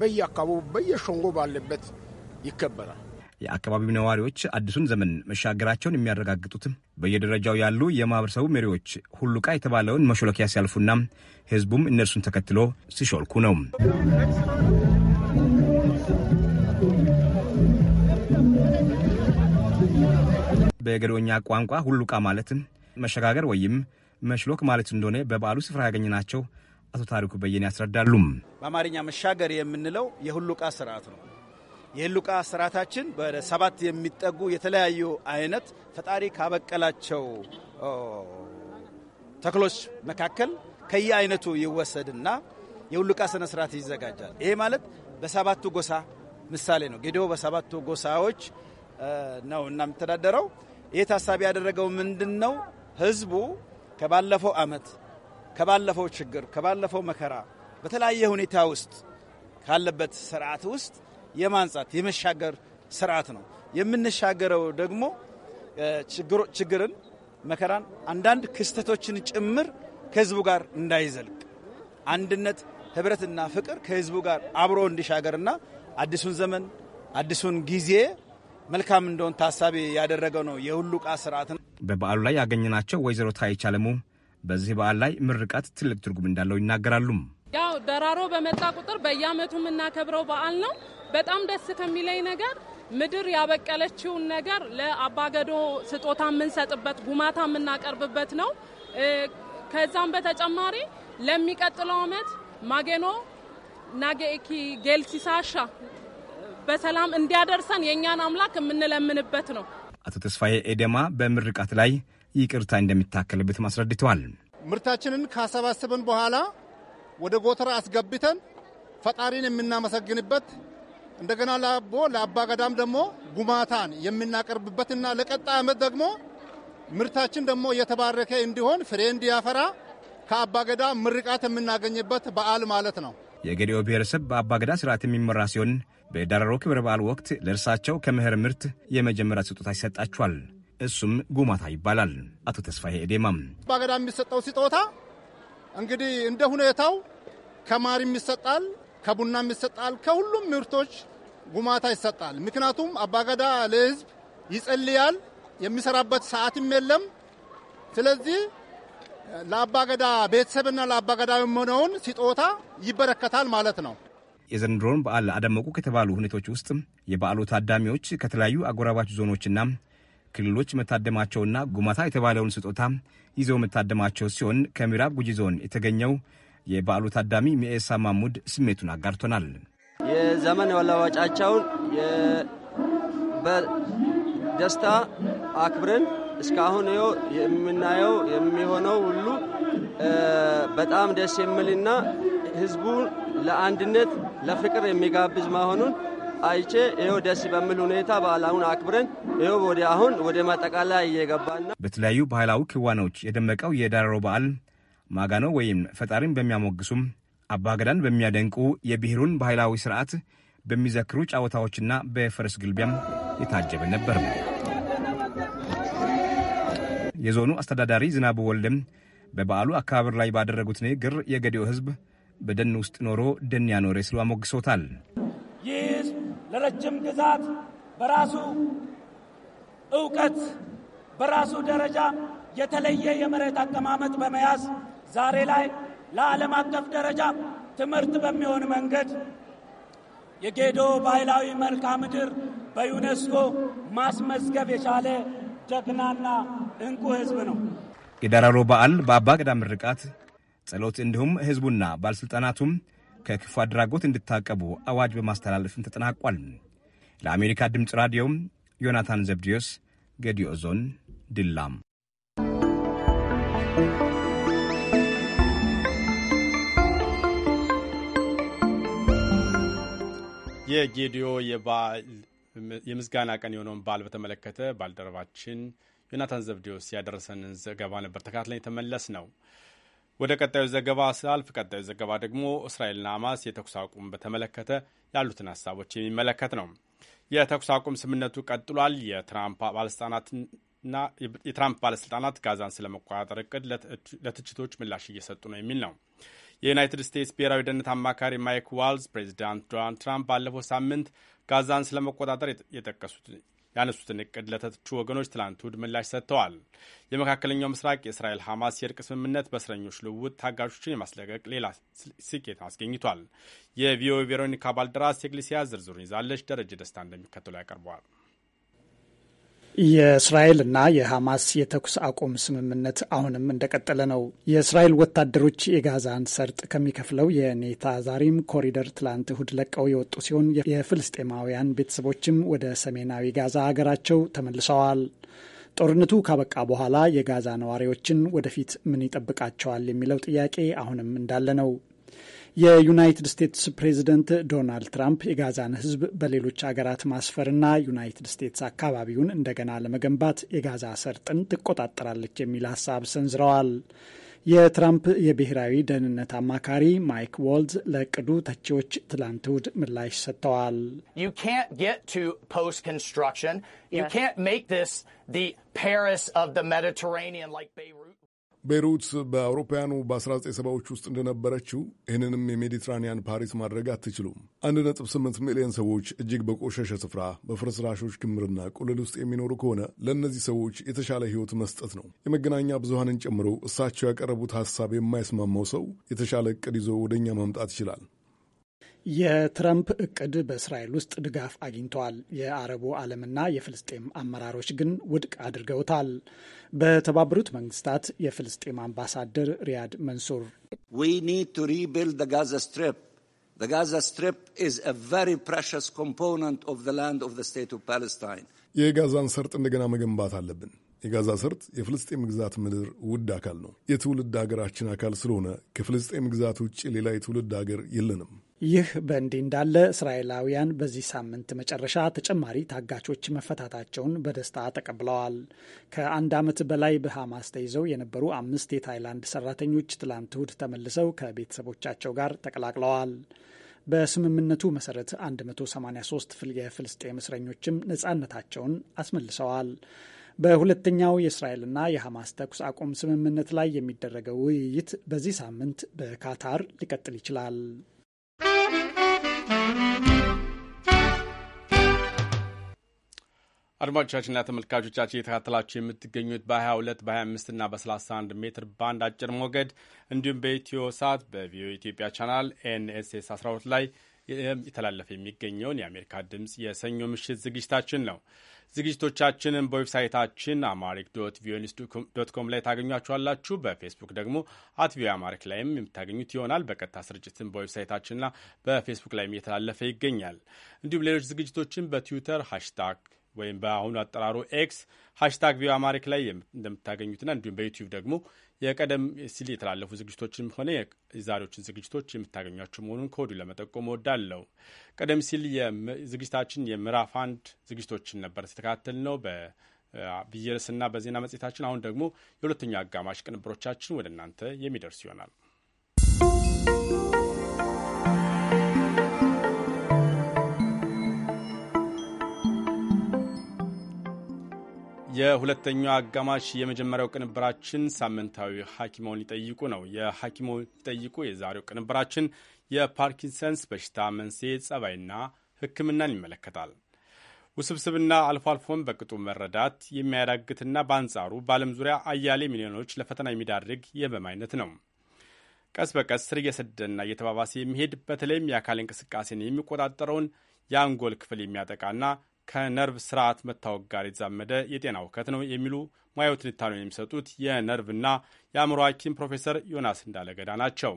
በየአካባቢው በየሾንጎ ባለበት ይከበራል። የአካባቢው ነዋሪዎች አዲሱን ዘመን መሻገራቸውን የሚያረጋግጡት በየደረጃው ያሉ የማህበረሰቡ መሪዎች ሁሉቃ የተባለውን መሾለኪያ ሲያልፉና ህዝቡም እነርሱን ተከትሎ ሲሾልኩ ነው። በገዶኛ ቋንቋ ሁሉቃ ማለትም መሸጋገር ወይም መሽሎክ ማለት እንደሆነ በበዓሉ ስፍራ ያገኘናቸው አቶ ታሪኩ በየነ ያስረዳሉ። በአማርኛ መሻገር የምንለው የሁሉቃ ስርዓት ነው። የህሉቃ ስርዓታችን በሰባት የሚጠጉ የተለያዩ አይነት ፈጣሪ ካበቀላቸው ተክሎች መካከል ከየአይነቱ ይወሰድና የሁሉቃ ስነ ስርዓት ይዘጋጃል። ይሄ ማለት በሰባቱ ጎሳ ምሳሌ ነው። ጌዲዮ በሰባቱ ጎሳዎች ነው እና የምተዳደረው ይህ ታሳቢ ያደረገው ምንድን ነው? ህዝቡ ከባለፈው አመት ከባለፈው ችግር ከባለፈው መከራ በተለያየ ሁኔታ ውስጥ ካለበት ስርዓት ውስጥ የማንጻት የመሻገር ስርዓት ነው። የምንሻገረው ደግሞ ችግርን፣ መከራን፣ አንዳንድ ክስተቶችን ጭምር ከህዝቡ ጋር እንዳይዘልቅ አንድነት፣ ህብረትና ፍቅር ከህዝቡ ጋር አብሮ እንዲሻገርና አዲሱን ዘመን አዲሱን ጊዜ መልካም እንደሆን ታሳቢ ያደረገ ነው የሁሉ ቃ ስርዓት ነው። በበዓሉ ላይ ያገኘናቸው ወይዘሮ ታይቻ አለሙ በዚህ በዓል ላይ ምርቃት ትልቅ ትርጉም እንዳለው ይናገራሉ። ያው ደራሮ በመጣ ቁጥር በየአመቱ የምናከብረው በዓል ነው። በጣም ደስ ከሚለኝ ነገር ምድር ያበቀለችውን ነገር ለአባገዶ ስጦታ የምንሰጥበት ጉማታ የምናቀርብበት ነው። ከዛም በተጨማሪ ለሚቀጥለው አመት ማጌኖ ናጌኪ ጌልሲሳሻ በሰላም እንዲያደርሰን የእኛን አምላክ የምንለምንበት ነው። አቶ ተስፋዬ ኤደማ በምርቃት ላይ ይቅርታ እንደሚታከልበት አስረድተዋል። ምርታችንን ካሰባሰብን በኋላ ወደ ጎተራ አስገብተን ፈጣሪን የምናመሰግንበት እንደገና ለአቦ ለአባ ገዳም ደግሞ ጉማታን የምናቀርብበትና ለቀጣይ ዓመት ደግሞ ምርታችን ደግሞ እየተባረከ እንዲሆን ፍሬ እንዲያፈራ ከአባ ገዳ ምርቃት የምናገኝበት በዓል ማለት ነው። የገዲኦ ብሔረሰብ በአባ ገዳ ስርዓት የሚመራ ሲሆን በዳራሮ ክብረ በዓል ወቅት ለእርሳቸው ከምህር ምርት የመጀመሪያ ስጦታ ይሰጣቸዋል። እሱም ጉማታ ይባላል። አቶ ተስፋዬ ኤዴማም በአገዳ የሚሰጠው ስጦታ እንግዲህ እንደ ሁኔታው ከማሪም ይሰጣል፣ ከቡናም ይሰጣል፣ ከሁሉም ምርቶች ጉማታ ይሰጣል። ምክንያቱም አባገዳ ለህዝብ ይጸልያል፣ የሚሰራበት ሰዓትም የለም። ስለዚህ ለአባገዳ ቤተሰብና ለአባገዳ የሚሆነውን ስጦታ ይበረከታል ማለት ነው። የዘንድሮን በዓል አደመቁ ከተባሉ ሁኔታዎች ውስጥ የበዓሉ ታዳሚዎች ከተለያዩ አጎራባች ዞኖችና ክልሎች መታደማቸውና ጉማታ የተባለውን ስጦታ ይዘው መታደማቸው ሲሆን ከምዕራብ ጉጂ ዞን የተገኘው የበዓሉ ታዳሚ ሚኤሳ ማሙድ ስሜቱን አጋርቶናል። የዘመን መለወጫቸውን በደስታ አክብረን እስካሁን የምናየው የሚሆነው ሁሉ በጣም ደስ የሚልና ህዝቡ ለአንድነት ለፍቅር የሚጋብዝ መሆኑን አይቼ ይኸው ደስ በሚል ሁኔታ በዓላሙን አክብረን ይኸው ወደ አሁን ወደ ማጠቃላይ እየገባና በተለያዩ ባህላዊ ክዋኔዎች የደመቀው የዳሮ በዓል ማጋኖ ወይም ፈጣሪን በሚያሞግሱም አባገዳን በሚያደንቁ የብሔሩን ባህላዊ ስርዓት በሚዘክሩ ጨዋታዎችና በፈረስ ግልቢያም የታጀበ ነበር። የዞኑ አስተዳዳሪ ዝናቡ ወልደም በበዓሉ አከባበር ላይ ባደረጉት ንግግር የገዲኦ ህዝብ በደን ውስጥ ኖሮ ደን ያኖረ ስሉ አሞግሶታል። ይህ ህዝብ ለረጅም ግዛት በራሱ እውቀት በራሱ ደረጃ የተለየ የመሬት አቀማመጥ በመያዝ ዛሬ ላይ ለዓለም አቀፍ ደረጃ ትምህርት በሚሆን መንገድ የጌዶ ባህላዊ መልክዓ ምድር በዩኔስኮ ማስመዝገብ የቻለ ጀግናና እንቁ ህዝብ ነው። የዳራሮ በዓል በአባ ገዳ ምርቃት ጸሎት፣ እንዲሁም ህዝቡና ባለሥልጣናቱም ከክፉ አድራጎት እንዲታቀቡ አዋጅ በማስተላለፍም ተጠናቋል። ለአሜሪካ ድምፅ ራዲዮ ዮናታን ዘብዲዮስ ገዲኦ ዞን ድላም። የጌዲዮ የበዓል የምስጋና ቀን የሆነውን በዓል በተመለከተ ባልደረባችን ዮናታን ዘብዴዎስ ያደረሰንን ዘገባ ነበር ተካትለን የተመለስ ነው። ወደ ቀጣዩ ዘገባ ስላልፍ ቀጣዩ ዘገባ ደግሞ እስራኤልና ሐማስ የተኩስ አቁም በተመለከተ ያሉትን ሀሳቦች የሚመለከት ነው። የተኩስ አቁም ስምነቱ ቀጥሏል። የትራምፕ ባለስልጣናት ጋዛን ስለመቆጣጠር እቅድ ለትችቶች ምላሽ እየሰጡ ነው የሚል ነው። የዩናይትድ ስቴትስ ብሔራዊ ደህንነት አማካሪ ማይክ ዋልዝ ፕሬዚዳንት ዶናልድ ትራምፕ ባለፈው ሳምንት ጋዛን ስለመቆጣጠር የጠቀሱት ያነሱትን እቅድ ለተቹ ወገኖች ትላንት እሁድ ምላሽ ሰጥተዋል። የመካከለኛው ምስራቅ የእስራኤል ሐማስ የእርቅ ስምምነት በእስረኞች ልውውጥ ታጋሾችን የማስለቀቅ ሌላ ስኬት አስገኝቷል። የቪኦኤ ቬሮኒካ ባልደራስ ኤግሊሲያ ዝርዝሩን ይዛለች። ደረጀ ደስታ እንደሚከተለው ያቀርበዋል። የእስራኤልና የሐማስ የተኩስ አቁም ስምምነት አሁንም እንደቀጠለ ነው። የእስራኤል ወታደሮች የጋዛን ሰርጥ ከሚከፍለው የኔታዛሪም ኮሪደር ትላንት እሁድ ለቀው የወጡ ሲሆን የፍልስጤማውያን ቤተሰቦችም ወደ ሰሜናዊ ጋዛ ሀገራቸው ተመልሰዋል። ጦርነቱ ካበቃ በኋላ የጋዛ ነዋሪዎችን ወደፊት ምን ይጠብቃቸዋል የሚለው ጥያቄ አሁንም እንዳለ ነው። የዩናይትድ ስቴትስ ፕሬዝደንት ዶናልድ ትራምፕ የጋዛን ሕዝብ በሌሎች አገራት ማስፈርና ዩናይትድ ስቴትስ አካባቢውን እንደገና ለመገንባት የጋዛ ሰርጥን ትቆጣጠራለች የሚል ሀሳብ ሰንዝረዋል። የትራምፕ የብሔራዊ ደህንነት አማካሪ ማይክ ዋልዝ ለቅዱ ተቺዎች ትላንት እሁድ ምላሽ ሰጥተዋል። ቤይሩት በአውሮፓውያኑ በ1970ዎች ውስጥ እንደነበረችው ይህንንም የሜዲትራኒያን ፓሪስ ማድረግ አትችሉም። 1.8 ሚሊዮን ሰዎች እጅግ በቆሸሸ ስፍራ በፍርስራሾች ክምርና ቁልል ውስጥ የሚኖሩ ከሆነ ለእነዚህ ሰዎች የተሻለ ሕይወት መስጠት ነው። የመገናኛ ብዙሃንን ጨምሮ እሳቸው ያቀረቡት ሐሳብ የማይስማማው ሰው የተሻለ ዕቅድ ይዞ ወደ እኛ መምጣት ይችላል። የትረምፕ እቅድ በእስራኤል ውስጥ ድጋፍ አግኝተዋል። የአረቡ ዓለምና የፍልስጤም አመራሮች ግን ውድቅ አድርገውታል። በተባበሩት መንግስታት የፍልስጤም አምባሳደር ሪያድ መንሱር የጋዛን ሰርጥ እንደገና መገንባት አለብን። የጋዛ ሰርጥ የፍልስጤም ግዛት ምድር ውድ አካል ነው። የትውልድ ሀገራችን አካል ስለሆነ ከፍልስጤም ግዛት ውጭ ሌላ የትውልድ ሀገር የለንም። ይህ በእንዲህ እንዳለ እስራኤላውያን በዚህ ሳምንት መጨረሻ ተጨማሪ ታጋቾች መፈታታቸውን በደስታ ተቀብለዋል። ከአንድ ዓመት በላይ በሐማስ ተይዘው የነበሩ አምስት የታይላንድ ሰራተኞች ትላንት እሁድ ተመልሰው ከቤተሰቦቻቸው ጋር ተቀላቅለዋል። በስምምነቱ መሰረት 183 የፍልስጤም እስረኞችም ነጻነታቸውን አስመልሰዋል። በሁለተኛው የእስራኤልና የሐማስ ተኩስ አቁም ስምምነት ላይ የሚደረገው ውይይት በዚህ ሳምንት በካታር ሊቀጥል ይችላል። አድማጮቻችንና ተመልካቾቻችን የተካተላችሁ የምትገኙት በ22 በ25 እና በ31 ሜትር ባንድ አጭር ሞገድ እንዲሁም በኢትዮ ሳት በቪኦ ኢትዮጵያ ቻናል ኤንኤስኤስ 12 ላይ የተላለፈ የሚገኘውን የአሜሪካ ድምፅ የሰኞ ምሽት ዝግጅታችን ነው። ዝግጅቶቻችንን በዌብሳይታችን አማሪክ ዶት ዶት ኮም ላይ ታገኟችኋላችሁ። በፌስቡክ ደግሞ አት ቪኦኤ አማሪክ ላይም የምታገኙት ይሆናል። በቀጥታ ስርጭትን በዌብሳይታችንና በፌስቡክ ላይም እየተላለፈ ይገኛል። እንዲሁም ሌሎች ዝግጅቶችን በትዊተር ሃሽታግ ወይም በአሁኑ አጠራሩ ኤክስ ሃሽታግ ቪኦኤ አማሪክ ላይ እንደምታገኙትና እንዲሁም በዩቲዩብ ደግሞ የቀደም ሲል የተላለፉ ዝግጅቶችንም ሆነ የዛሬዎችን ዝግጅቶች የምታገኟቸው መሆኑን ከወዲሁ ለመጠቆም እወዳለሁ። ቀደም ሲል ዝግጅታችን የምዕራፍ አንድ ዝግጅቶችን ነበር ሲተካተል ነው በብየርስና በዜና መጽሔታችን። አሁን ደግሞ የሁለተኛው አጋማሽ ቅንብሮቻችን ወደ እናንተ የሚደርስ ይሆናል። የሁለተኛው አጋማሽ የመጀመሪያው ቅንብራችን ሳምንታዊ ሐኪሞን ሊጠይቁ ነው። የሐኪሞን ሊጠይቁ የዛሬው ቅንብራችን የፓርኪንሰንስ በሽታ መንስኤ፣ ጸባይና ሕክምናን ይመለከታል። ውስብስብና አልፎ አልፎን በቅጡ መረዳት የሚያዳግትና በአንጻሩ በዓለም ዙሪያ አያሌ ሚሊዮኖች ለፈተና የሚዳርግ የህመም አይነት ነው። ቀስ በቀስ ስር እየሰደደና እየተባባሰ የሚሄድ በተለይም የአካል እንቅስቃሴን የሚቆጣጠረውን የአንጎል ክፍል የሚያጠቃና ከነርቭ ስርዓት መታወቅ ጋር የተዛመደ የጤና እውከት ነው የሚሉ ሙያዊ ትንታኔውን የሚሰጡት የነርቭና የአእምሮ ሐኪም ፕሮፌሰር ዮናስ እንዳለገዳ ናቸው።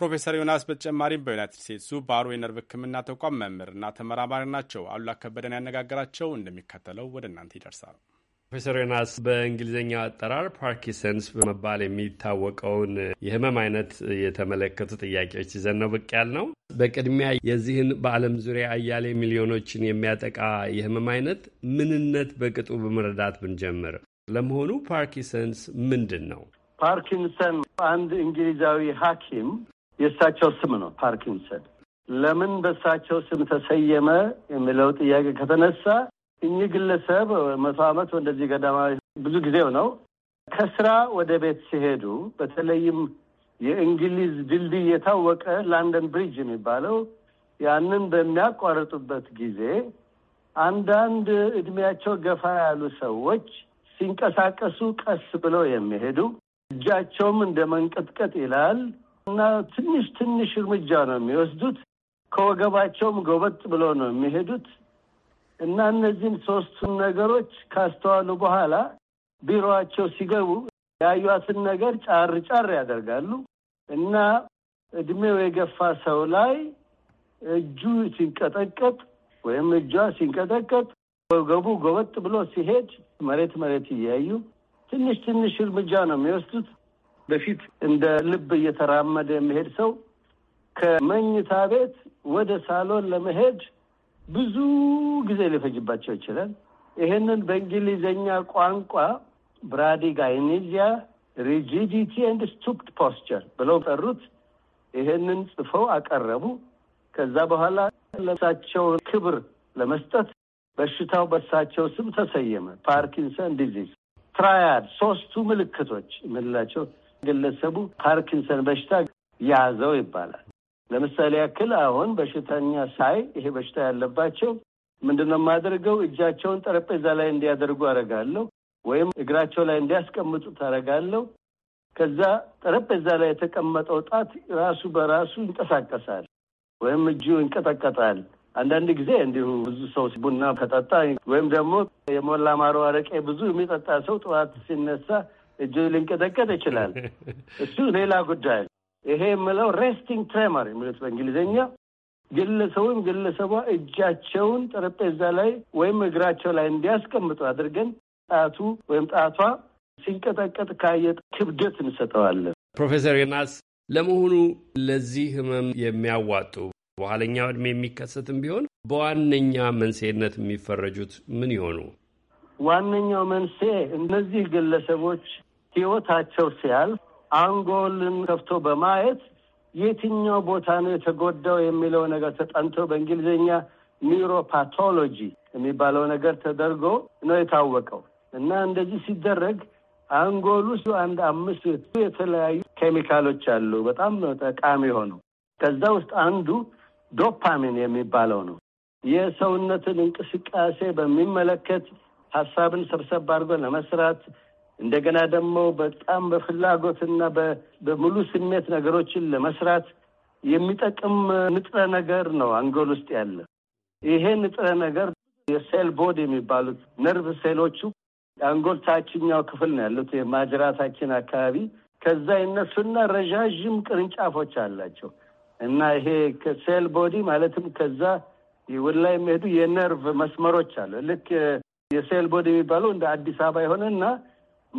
ፕሮፌሰር ዮናስ በተጨማሪም በዩናይትድ ስቴትሱ ባሮ የነርቭ ሕክምና ተቋም መምህርና ተመራማሪ ናቸው። አሉላ ከበደን ያነጋገራቸው እንደሚከተለው ወደ እናንተ ይደርሳል። ፕሮፌሰር ዮናስ በእንግሊዝኛው አጠራር ፓርኪንሰንስ በመባል የሚታወቀውን የህመም አይነት የተመለከቱ ጥያቄዎች ይዘን ነው ብቅ ያል ነው። በቅድሚያ የዚህን በዓለም ዙሪያ አያሌ ሚሊዮኖችን የሚያጠቃ የህመም አይነት ምንነት በቅጡ በመረዳት ብንጀምር፣ ለመሆኑ ፓርኪንሰንስ ምንድን ነው? ፓርኪንሰን አንድ እንግሊዛዊ ሐኪም የእሳቸው ስም ነው። ፓርኪንሰን ለምን በእሳቸው ስም ተሰየመ የሚለው ጥያቄ ከተነሳ እኚህ ግለሰብ መቶ ዓመት ወደዚህ ገደማ ብዙ ጊዜው ነው። ከስራ ወደ ቤት ሲሄዱ በተለይም የእንግሊዝ ድልድይ የታወቀ ላንደን ብሪጅ የሚባለው ያንን በሚያቋርጡበት ጊዜ አንዳንድ እድሜያቸው ገፋ ያሉ ሰዎች ሲንቀሳቀሱ ቀስ ብለው የሚሄዱ እጃቸውም እንደ መንቀጥቀጥ ይላል እና ትንሽ ትንሽ እርምጃ ነው የሚወስዱት። ከወገባቸውም ጎበጥ ብለው ነው የሚሄዱት። እና እነዚህን ሶስቱን ነገሮች ካስተዋሉ በኋላ ቢሮዋቸው ሲገቡ ያዩትን ነገር ጫር ጫር ያደርጋሉ እና እድሜው የገፋ ሰው ላይ እጁ ሲንቀጠቀጥ ወይም እጇ ሲንቀጠቀጥ ወገቡ ጎበጥ ብሎ ሲሄድ መሬት መሬት እያዩ ትንሽ ትንሽ እርምጃ ነው የሚወስዱት። በፊት እንደ ልብ እየተራመደ የሚሄድ ሰው ከመኝታ ቤት ወደ ሳሎን ለመሄድ ብዙ ጊዜ ሊፈጅባቸው ይችላል። ይህንን በእንግሊዝኛ ቋንቋ ብራዲጋይኒዚያ ሪጂዲቲ ኤንድ ስቱፕድ ፖስቸር ብለው ጠሩት። ይህንን ጽፈው አቀረቡ። ከዛ በኋላ ለሳቸው ክብር ለመስጠት በሽታው በሳቸው ስም ተሰየመ። ፓርኪንሰን ዲዚዝ ትራያድ፣ ሶስቱ ምልክቶች የምንላቸው ግለሰቡ ፓርኪንሰን በሽታ ያዘው ይባላል። ለምሳሌ ያክል አሁን በሽተኛ ሳይ ይሄ በሽታ ያለባቸው ምንድነው የማደርገው? እጃቸውን ጠረጴዛ ላይ እንዲያደርጉ አደርጋለሁ፣ ወይም እግራቸው ላይ እንዲያስቀምጡ አደርጋለሁ። ከዛ ጠረጴዛ ላይ የተቀመጠው ጣት ራሱ በራሱ ይንቀሳቀሳል፣ ወይም እጁ ይንቀጠቀጣል። አንዳንድ ጊዜ እንዲሁ ብዙ ሰው ቡና ከጠጣ ወይም ደግሞ የሞላ ማሮ አረቄ ብዙ የሚጠጣ ሰው ጠዋት ሲነሳ እጁ ሊንቀጠቀጥ ይችላል። እሱ ሌላ ጉዳይ። ይሄ የምለው ሬስቲንግ ትሬመር የሚሉት በእንግሊዝኛ ግለሰቡም ግለሰቧ እጃቸውን ጠረጴዛ ላይ ወይም እግራቸው ላይ እንዲያስቀምጡ አድርገን ጣቱ ወይም ጣቷ ሲንቀጠቀጥ ካየ ክብደት እንሰጠዋለን። ፕሮፌሰር ዮናስ ለመሆኑ ለዚህ ህመም የሚያዋጡ በኋለኛው ዕድሜ የሚከሰትም ቢሆን በዋነኛ መንስኤነት የሚፈረጁት ምን ይሆኑ? ዋነኛው መንስኤ እነዚህ ግለሰቦች ህይወታቸው ሲያልፍ አንጎልን ከፍቶ በማየት የትኛው ቦታ ነው የተጎዳው የሚለው ነገር ተጠንቶ በእንግሊዝኛ ኒውሮፓቶሎጂ የሚባለው ነገር ተደርጎ ነው የታወቀው። እና እንደዚህ ሲደረግ አንጎል ውስጥ አንድ አምስት የተለያዩ ኬሚካሎች አሉ፣ በጣም ጠቃሚ የሆኑ ከዛ ውስጥ አንዱ ዶፓሚን የሚባለው ነው። የሰውነትን እንቅስቃሴ በሚመለከት ሀሳብን ሰብሰብ አድርጎ ለመስራት እንደገና ደግሞ በጣም በፍላጎትና በሙሉ ስሜት ነገሮችን ለመስራት የሚጠቅም ንጥረ ነገር ነው አንጎል ውስጥ ያለ። ይሄ ንጥረ ነገር የሴል ቦድ የሚባሉት ነርቭ ሴሎቹ አንጎል ታችኛው ክፍል ነው ያሉት የማጅራታችን አካባቢ። ከዛ ይነሱና ረዣዥም ቅርንጫፎች አላቸው እና ይሄ ሴል ቦዲ ማለትም ከዛ ወደ ላይ የሚሄዱ የነርቭ መስመሮች አሉ። ልክ የሴል ቦዲ የሚባለው እንደ አዲስ አበባ የሆነ እና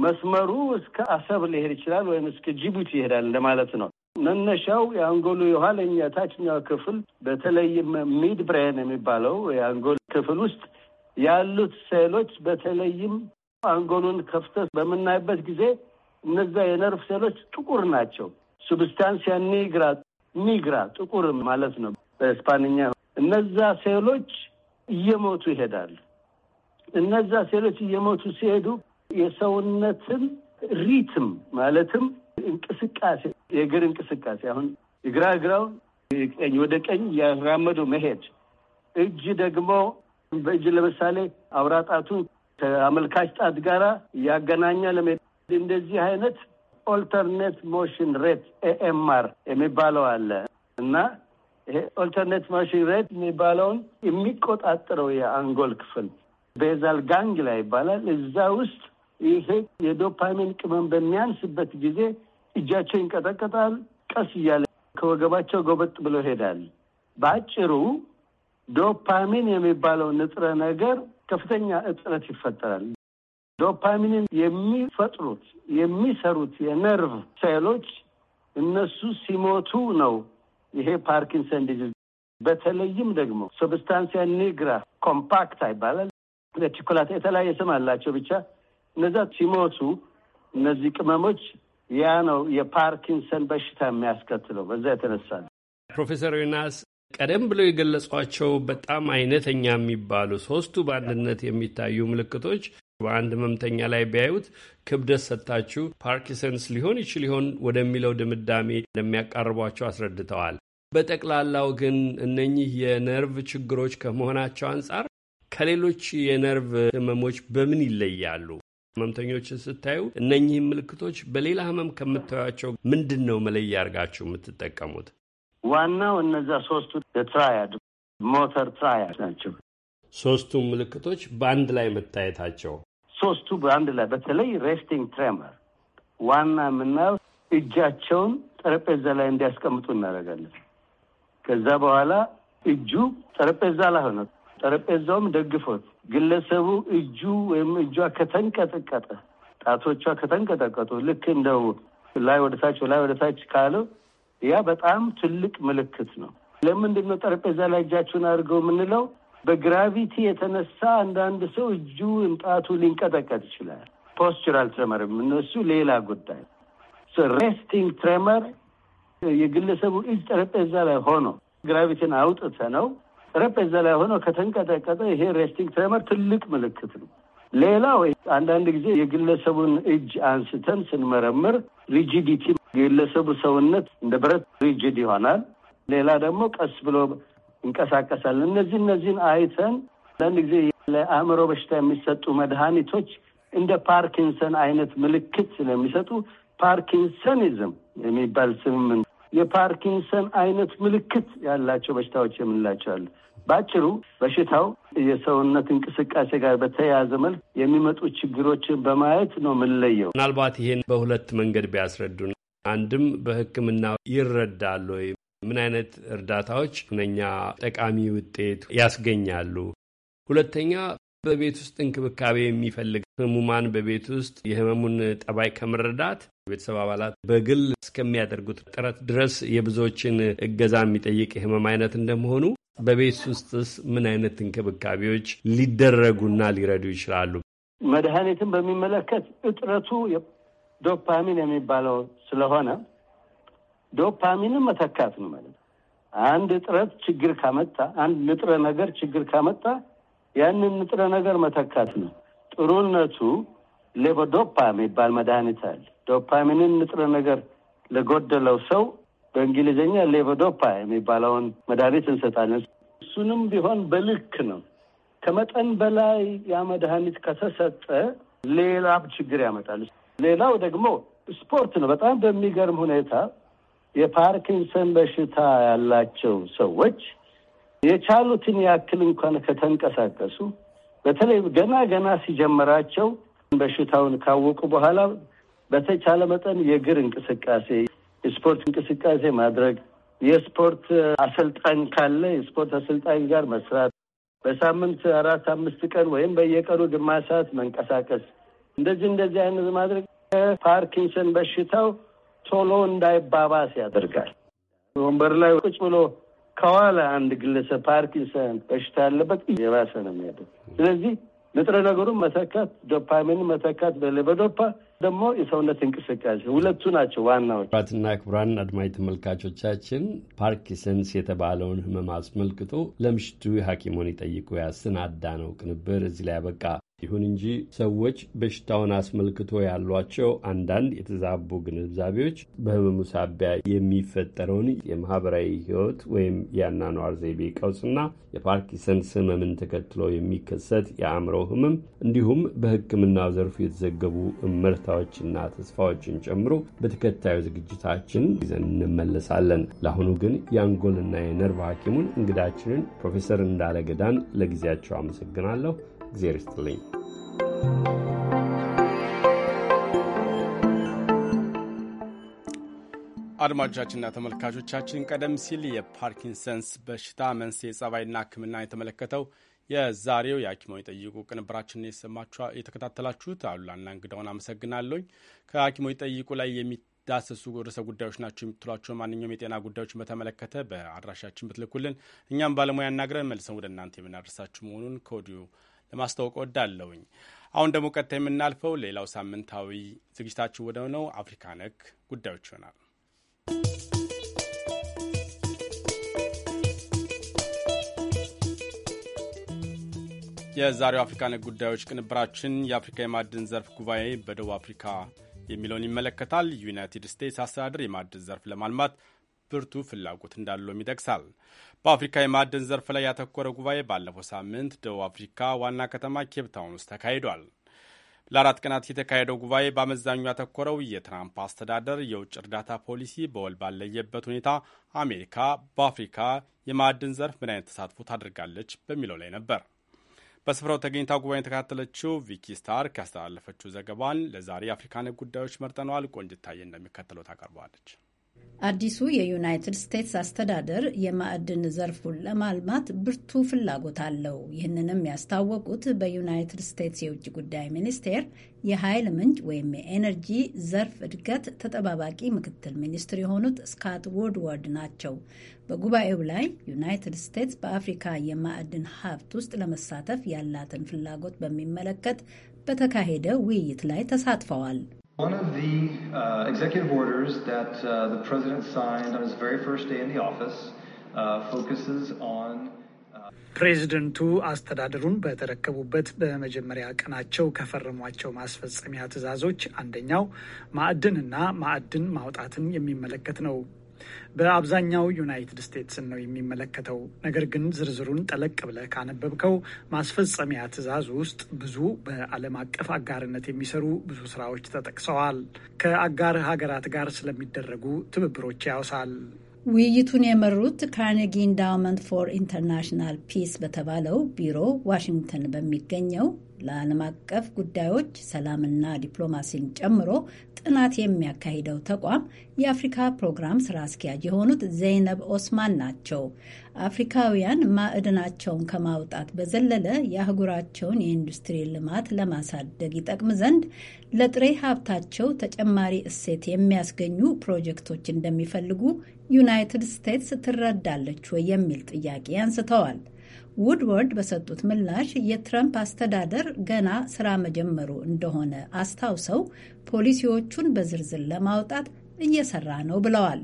መስመሩ እስከ አሰብ ሊሄድ ይችላል ወይም እስከ ጅቡቲ ይሄዳል እንደማለት ነው። መነሻው የአንጎሉ የኋለኛ ታችኛው ክፍል በተለይም ሚድ ብሬን የሚባለው የአንጎል ክፍል ውስጥ ያሉት ሴሎች በተለይም አንጎሉን ከፍተ በምናይበት ጊዜ እነዛ የነርቭ ሴሎች ጥቁር ናቸው። ሱብስታንሲያ ኒግራ ኒግራ ጥቁር ማለት ነው በስፓንኛ። እነዛ ሴሎች እየሞቱ ይሄዳሉ። እነዛ ሴሎች እየሞቱ ሲሄዱ የሰውነትን ሪትም ማለትም እንቅስቃሴ የእግር እንቅስቃሴ አሁን እግራ እግራውን ቀኝ ወደ ቀኝ ያራመዱ መሄድ፣ እጅ ደግሞ በእጅ ለምሳሌ አውራጣቱ ከአመልካች ጣት ጋራ ያገናኛ ለመሄድ እንደዚህ አይነት ኦልተርኔት ሞሽን ሬት ኤኤምአር የሚባለው አለ እና ይሄ ኦልተርኔት ሞሽን ሬት የሚባለውን የሚቆጣጠረው የአንጎል ክፍል ቤዛል ጋንግ ላይ ይባላል። እዛ ውስጥ ይሄ የዶፓሚን ቅመም በሚያንስበት ጊዜ እጃቸው ይንቀጠቀጣል። ቀስ እያለ ከወገባቸው ጎበጥ ብሎ ይሄዳል። በአጭሩ ዶፓሚን የሚባለው ንጥረ ነገር ከፍተኛ እጥረት ይፈጠራል። ዶፓሚንን የሚፈጥሩት የሚሰሩት የነርቭ ሴሎች እነሱ ሲሞቱ ነው ይሄ ፓርኪንሰን ዲዚዝ በተለይም ደግሞ ሶብስታንሲያ ኒግራ ኮምፓክታ ይባላል። ለቾኮላት የተለያየ ስም አላቸው ብቻ እነዛ ሲሞቱ እነዚህ ቅመሞች ያ ነው የፓርኪንሰን በሽታ የሚያስከትለው። በዛ የተነሳ ፕሮፌሰር ዮናስ ቀደም ብለው የገለጿቸው በጣም አይነተኛ የሚባሉ ሶስቱ በአንድነት የሚታዩ ምልክቶች በአንድ ህመምተኛ ላይ ቢያዩት ክብደት ሰጥታችሁ ፓርኪንሰንስ ሊሆን ይችል ሊሆን ወደሚለው ድምዳሜ እንደሚያቃርቧቸው አስረድተዋል። በጠቅላላው ግን እነኚህ የነርቭ ችግሮች ከመሆናቸው አንጻር ከሌሎች የነርቭ ህመሞች በምን ይለያሉ? ህመምተኞችን ስታዩ እነኚህም ምልክቶች በሌላ ህመም ከምታዩቸው ምንድን ነው መለያ አድርጋችሁ የምትጠቀሙት? ዋናው እነዚያ ሶስቱ ትራያድ ሞተር ትራያድ ናቸው። ሶስቱ ምልክቶች በአንድ ላይ መታየታቸው ሶስቱ በአንድ ላይ በተለይ ሬስቲንግ ትሬመር ዋና የምናየው እጃቸውን ጠረጴዛ ላይ እንዲያስቀምጡ እናደርጋለን። ከዛ በኋላ እጁ ጠረጴዛ ላይ ሆነ ጠረጴዛውም ደግፎት ግለሰቡ እጁ ወይም እጇ ከተንቀጠቀጠ ጣቶቿ ከተንቀጠቀጡ ልክ እንደው ላይ ወደታች ላይ ወደታች ካለው ያ በጣም ትልቅ ምልክት ነው። ለምንድን ነው ጠረጴዛ ላይ እጃችሁን አድርገው የምንለው? በግራቪቲ የተነሳ አንዳንድ ሰው እጁ ጣቱ ሊንቀጠቀጥ ይችላል። ፖስቹራል ትሬመር የምነሱ ሌላ ጉዳይ። ሬስቲንግ ትሬመር የግለሰቡ እጅ ጠረጴዛ ላይ ሆኖ ግራቪቲን አውጥተ ነው ጠረጴዛ ላይ ሆኖ ከተንቀጠቀጠ ይሄ ሬስቲንግ ትሬመር ትልቅ ምልክት ነው። ሌላው አንዳንድ ጊዜ የግለሰቡን እጅ አንስተን ስንመረምር ሪጂዲቲ፣ የግለሰቡ ሰውነት እንደ ብረት ሪጂድ ይሆናል። ሌላ ደግሞ ቀስ ብሎ ይንቀሳቀሳል። እነዚህ እነዚህን አይተን አንዳንድ ጊዜ ለአእምሮ በሽታ የሚሰጡ መድኃኒቶች እንደ ፓርኪንሰን አይነት ምልክት ስለሚሰጡ ፓርኪንሰኒዝም የሚባል ስምምን የፓርኪንሰን አይነት ምልክት ያላቸው በሽታዎች የምንላቸው አሉ። በአጭሩ በሽታው የሰውነት እንቅስቃሴ ጋር በተያያዘ መልክ የሚመጡ ችግሮችን በማየት ነው የምንለየው። ምናልባት ይህን በሁለት መንገድ ቢያስረዱን፣ አንድም በሕክምና ይረዳሉ ወይ? ምን አይነት እርዳታዎች ሁነኛ ጠቃሚ ውጤት ያስገኛሉ? ሁለተኛ በቤት ውስጥ እንክብካቤ የሚፈልግ ህሙማን በቤት ውስጥ የህመሙን ጠባይ ከመረዳት ቤተሰብ አባላት በግል እስከሚያደርጉት ጥረት ድረስ የብዙዎችን እገዛ የሚጠይቅ የህመም አይነት እንደመሆኑ በቤት ውስጥስ ምን አይነት እንክብካቤዎች ሊደረጉና ሊረዱ ይችላሉ? መድኃኒትን በሚመለከት እጥረቱ ዶፓሚን የሚባለው ስለሆነ ዶፓሚንን መተካት ነው ማለት ነው። አንድ እጥረት ችግር ካመጣ፣ አንድ ንጥረ ነገር ችግር ካመጣ ያንን ንጥረ ነገር መተካት ነው። ጥሩነቱ ሌቮዶፓ የሚባል መድኃኒት አለ። ዶፓሚንን ንጥረ ነገር ለጎደለው ሰው በእንግሊዝኛ ሌቨዶፓ የሚባለውን መድኃኒት እንሰጣለን። እሱንም ቢሆን በልክ ነው። ከመጠን በላይ ያ መድኃኒት ከተሰጠ ሌላም ችግር ያመጣል። ሌላው ደግሞ ስፖርት ነው። በጣም በሚገርም ሁኔታ የፓርኪንሰን በሽታ ያላቸው ሰዎች የቻሉትን ያክል እንኳን ከተንቀሳቀሱ በተለይ ገና ገና ሲጀምራቸው በሽታውን ካወቁ በኋላ በተቻለ መጠን የእግር እንቅስቃሴ የስፖርት እንቅስቃሴ ማድረግ፣ የስፖርት አሰልጣኝ ካለ የስፖርት አሰልጣኝ ጋር መስራት፣ በሳምንት አራት አምስት ቀን ወይም በየቀኑ ግማሽ ሰዓት መንቀሳቀስ፣ እንደዚህ እንደዚህ አይነት ማድረግ ፓርኪንሰን በሽታው ቶሎ እንዳይባባስ ያደርጋል። ወንበር ላይ ቁጭ ብሎ ከኋላ አንድ ግለሰብ ፓርኪንሰን በሽታ ያለበት የባሰ ነው የሚያደርግ ስለዚህ ንጥረ ነገሩን መተካት፣ ዶፓሚን መተካት በዶፓ ደግሞ የሰውነት እንቅስቃሴ ሁለቱ ናቸው ዋናዎች። ክቡራትና ክቡራን አድማጭ ተመልካቾቻችን ፓርኪንሰንስ የተባለውን ህመም አስመልክቶ ለምሽቱ የሐኪሙን ይጠይቁ ያሰናዳ ነው ቅንብር እዚህ ላይ ያበቃ። ይሁን እንጂ ሰዎች በሽታውን አስመልክቶ ያሏቸው አንዳንድ የተዛቡ ግንዛቤዎች በህመሙ ሳቢያ የሚፈጠረውን የማህበራዊ ህይወት ወይም የአኗኗር ዘይቤ ቀውስና የፓርኪንሰንስ ህመምን ተከትሎ የሚከሰት የአእምሮ ህመም እንዲሁም በሕክምናው ዘርፉ የተዘገቡ ምርታዎችና ተስፋዎችን ጨምሮ በተከታዩ ዝግጅታችን ይዘን እንመለሳለን። ለአሁኑ ግን የአንጎልና የነርቭ ሐኪሙን እንግዳችንን ፕሮፌሰር እንዳለ ገዳን ለጊዜያቸው አመሰግናለሁ። እግዜር ይስጥልኝ። አድማጮቻችንና ተመልካቾቻችን ቀደም ሲል የፓርኪንሰንስ በሽታ መንስኤ ጸባይና ሕክምና የተመለከተው የዛሬው የሐኪሞን ይጠይቁ ቅንብራችንን የተከታተላችሁት አሉላና እንግዳውን አመሰግናለሁ ከሐኪሞን ይጠይቁ ላይ የሚዳሰሱ ርዕሰ ጉዳዮች ናቸው የምትሏቸው ማንኛውም የጤና ጉዳዮችን በተመለከተ በአድራሻችን ብትልኩልን እኛም ባለሙያ አናግረን መልሰን ወደ እናንተ የምናደርሳችሁ መሆኑን ከወዲሁ ለማስታወቅ ወዳለውኝ። አሁን ደግሞ ቀጥታ የምናልፈው ሌላው ሳምንታዊ ዝግጅታችሁ ወደ ሆነው አፍሪካ ነክ ጉዳዮች ይሆናል። የዛሬው አፍሪካ ነክ ጉዳዮች ቅንብራችን የአፍሪካ የማዕድን ዘርፍ ጉባኤ በደቡብ አፍሪካ የሚለውን ይመለከታል። ዩናይትድ ስቴትስ አስተዳደር የማዕድን ዘርፍ ለማልማት ብርቱ ፍላጎት እንዳለውም ይጠቅሳል። በአፍሪካ የማዕድን ዘርፍ ላይ ያተኮረ ጉባኤ ባለፈው ሳምንት ደቡብ አፍሪካ ዋና ከተማ ኬፕታውን ውስጥ ተካሂዷል። ለአራት ቀናት የተካሄደው ጉባኤ በአመዛኙ ያተኮረው የትራምፕ አስተዳደር የውጭ እርዳታ ፖሊሲ በወል ባለየበት ሁኔታ አሜሪካ በአፍሪካ የማዕድን ዘርፍ ምን አይነት ተሳትፎ ታደርጋለች በሚለው ላይ ነበር። በስፍራው ተገኝታ ጉባኤ የተካተለችው ቪኪ ስታርክ ያስተላለፈችው ዘገባን ለዛሬ የአፍሪካ ጉዳዮች መርጠነዋል። ቆንጅታየ እንደሚከተለው ታቀርበዋለች። አዲሱ የዩናይትድ ስቴትስ አስተዳደር የማዕድን ዘርፉን ለማልማት ብርቱ ፍላጎት አለው። ይህንንም ያስታወቁት በዩናይትድ ስቴትስ የውጭ ጉዳይ ሚኒስቴር የኃይል ምንጭ ወይም የኤነርጂ ዘርፍ እድገት ተጠባባቂ ምክትል ሚኒስትር የሆኑት ስካት ወድወርድ ናቸው። በጉባኤው ላይ ዩናይትድ ስቴትስ በአፍሪካ የማዕድን ሀብት ውስጥ ለመሳተፍ ያላትን ፍላጎት በሚመለከት በተካሄደ ውይይት ላይ ተሳትፈዋል። One of the uh, executive orders that uh, the president signed on his very first day in the office uh, focuses on ፕሬዚደንቱ አስተዳደሩን በተረከቡበት በመጀመሪያ ቀናቸው ከፈረሟቸው ማስፈጸሚያ ትዕዛዞች አንደኛው ማዕድንና ማዕድን ማውጣትን የሚመለከት ነው። በአብዛኛው ዩናይትድ ስቴትስን ነው የሚመለከተው። ነገር ግን ዝርዝሩን ጠለቅ ብለህ ካነበብከው ማስፈጸሚያ ትዕዛዝ ውስጥ ብዙ በዓለም አቀፍ አጋርነት የሚሰሩ ብዙ ስራዎች ተጠቅሰዋል። ከአጋር ሀገራት ጋር ስለሚደረጉ ትብብሮች ያውሳል። ውይይቱን የመሩት ካርኔጊ ኢንዳውመንት ፎር ኢንተርናሽናል ፒስ በተባለው ቢሮ ዋሽንግተን በሚገኘው ለዓለም አቀፍ ጉዳዮች ሰላምና ዲፕሎማሲን ጨምሮ ጥናት የሚያካሂደው ተቋም የአፍሪካ ፕሮግራም ስራ አስኪያጅ የሆኑት ዘይነብ ኦስማን ናቸው። አፍሪካውያን ማዕድናቸውን ከማውጣት በዘለለ የአህጉራቸውን የኢንዱስትሪ ልማት ለማሳደግ ይጠቅም ዘንድ ለጥሬ ሀብታቸው ተጨማሪ እሴት የሚያስገኙ ፕሮጀክቶች እንደሚፈልጉ ዩናይትድ ስቴትስ ትረዳለች ወይ የሚል ጥያቄ አንስተዋል። ውድወርድ በሰጡት ምላሽ የትረምፕ አስተዳደር ገና ስራ መጀመሩ እንደሆነ አስታውሰው ፖሊሲዎቹን በዝርዝር ለማውጣት እየሰራ ነው ብለዋል።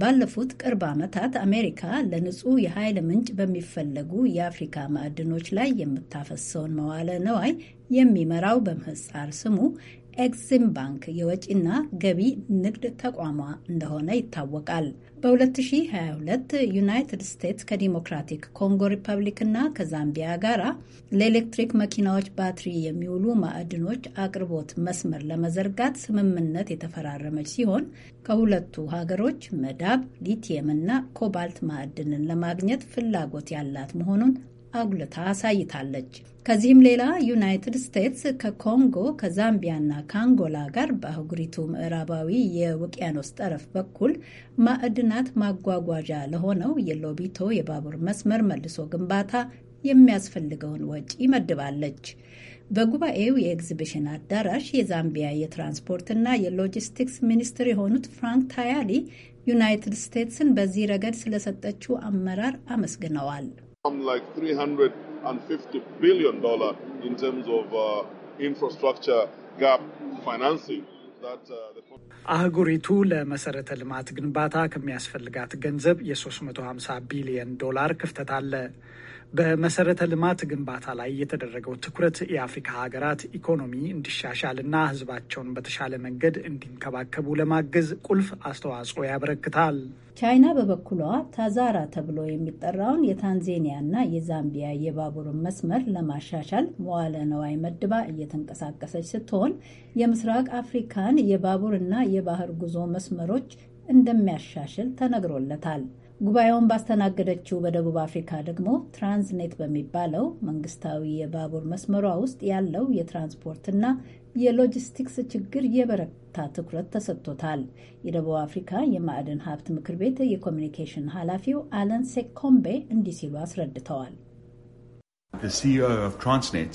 ባለፉት ቅርብ ዓመታት አሜሪካ ለንጹህ የኃይል ምንጭ በሚፈለጉ የአፍሪካ ማዕድኖች ላይ የምታፈሰውን መዋለ ነዋይ የሚመራው በምህጻር ስሙ ኤግዚም ባንክ የወጪና ገቢ ንግድ ተቋሟ እንደሆነ ይታወቃል። በ2022 ዩናይትድ ስቴትስ ከዲሞክራቲክ ኮንጎ ሪፐብሊክ እና ከዛምቢያ ጋር ለኤሌክትሪክ መኪናዎች ባትሪ የሚውሉ ማዕድኖች አቅርቦት መስመር ለመዘርጋት ስምምነት የተፈራረመች ሲሆን ከሁለቱ ሀገሮች መዳብ፣ ሊቲየም እና ኮባልት ማዕድንን ለማግኘት ፍላጎት ያላት መሆኑን አጉልታ አሳይታለች። ከዚህም ሌላ ዩናይትድ ስቴትስ ከኮንጎ ከዛምቢያና ከአንጎላ ጋር በአህጉሪቱ ምዕራባዊ የውቅያኖስ ጠረፍ በኩል ማዕድናት ማጓጓዣ ለሆነው የሎቢቶ የባቡር መስመር መልሶ ግንባታ የሚያስፈልገውን ወጪ መድባለች። በጉባኤው የኤግዚቢሽን አዳራሽ የዛምቢያ የትራንስፖርትና የሎጂስቲክስ ሚኒስትር የሆኑት ፍራንክ ታያሊ ዩናይትድ ስቴትስን በዚህ ረገድ ስለሰጠችው አመራር አመስግነዋል። from like 350 billion dollar in terms of uh, infrastructure gap financing. አህጉሪቱ ለመሰረተ ልማት ግንባታ ከሚያስፈልጋት ገንዘብ የ350 ቢሊዮን ዶላር ክፍተት አለ። በመሰረተ ልማት ግንባታ ላይ የተደረገው ትኩረት የአፍሪካ ሀገራት ኢኮኖሚ እንዲሻሻልና ሕዝባቸውን በተሻለ መንገድ እንዲንከባከቡ ለማገዝ ቁልፍ አስተዋጽኦ ያበረክታል። ቻይና በበኩሏ ታዛራ ተብሎ የሚጠራውን የታንዜኒያና የዛምቢያ የባቡርን መስመር ለማሻሻል መዋለ ነዋይ መድባ እየተንቀሳቀሰች ስትሆን የምስራቅ አፍሪካን የባቡርና የባህር ጉዞ መስመሮች እንደሚያሻሽል ተነግሮለታል። ጉባኤውን ባስተናገደችው በደቡብ አፍሪካ ደግሞ ትራንስኔት በሚባለው መንግስታዊ የባቡር መስመሯ ውስጥ ያለው የትራንስፖርትና የሎጂስቲክስ ችግር የበረታ ትኩረት ተሰጥቶታል። የደቡብ አፍሪካ የማዕድን ሀብት ምክር ቤት የኮሚኒኬሽን ኃላፊው አለን ሴኮምቤ እንዲህ ሲሉ አስረድተዋል። ትራንስኔት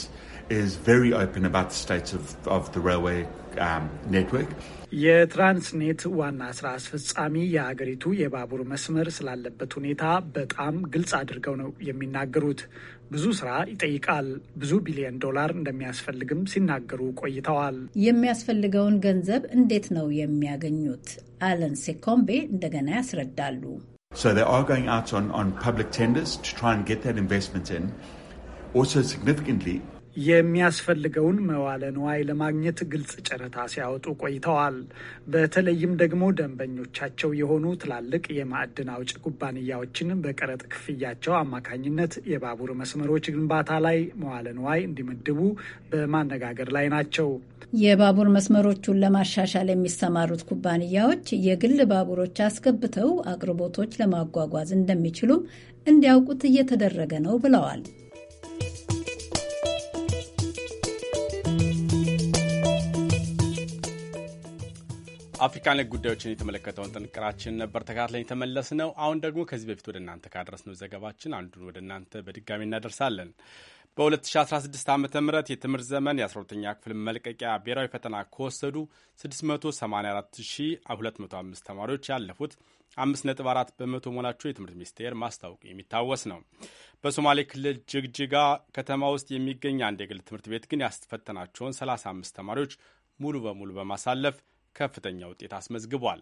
የትራንስኔት ዋና ስራ አስፈጻሚ የሀገሪቱ የባቡር መስመር ስላለበት ሁኔታ በጣም ግልጽ አድርገው ነው የሚናገሩት። ብዙ ስራ ይጠይቃል፣ ብዙ ቢሊዮን ዶላር እንደሚያስፈልግም ሲናገሩ ቆይተዋል። የሚያስፈልገውን ገንዘብ እንዴት ነው የሚያገኙት? አለን ሴኮምቤ እንደገና ያስረዳሉ። የሚያስፈልገውን መዋለ ንዋይ ለማግኘት ግልጽ ጨረታ ሲያወጡ ቆይተዋል። በተለይም ደግሞ ደንበኞቻቸው የሆኑ ትላልቅ የማዕድን አውጭ ኩባንያዎችን በቀረጥ ክፍያቸው አማካኝነት የባቡር መስመሮች ግንባታ ላይ መዋለ ንዋይ እንዲመድቡ በማነጋገር ላይ ናቸው። የባቡር መስመሮቹን ለማሻሻል የሚሰማሩት ኩባንያዎች የግል ባቡሮች አስገብተው አቅርቦቶች ለማጓጓዝ እንደሚችሉም እንዲያውቁት እየተደረገ ነው ብለዋል። አፍሪካ ነክ ጉዳዮችን የተመለከተውን ጥንቅራችን ነበር ተካትለን የተመለስ ነው። አሁን ደግሞ ከዚህ በፊት ወደ እናንተ ነው ዘገባችን አንዱን ወደ እናንተ በድጋሚ እናደርሳለን። በ2016 ዓ ም የትምህርት ዘመን የ12ኛ ክፍል መልቀቂያ ብሔራዊ ፈተና ከወሰዱ 684205 ተማሪዎች ያለፉት 5.4 በመቶ መሆናቸው የትምህርት ሚኒስቴር ማስታወቁ የሚታወስ ነው። በሶማሌ ክልል ጅግጅጋ ከተማ ውስጥ የሚገኝ አንድ የግል ትምህርት ቤት ግን ያስፈተናቸውን 35 ተማሪዎች ሙሉ በሙሉ በማሳለፍ ከፍተኛ ውጤት አስመዝግቧል።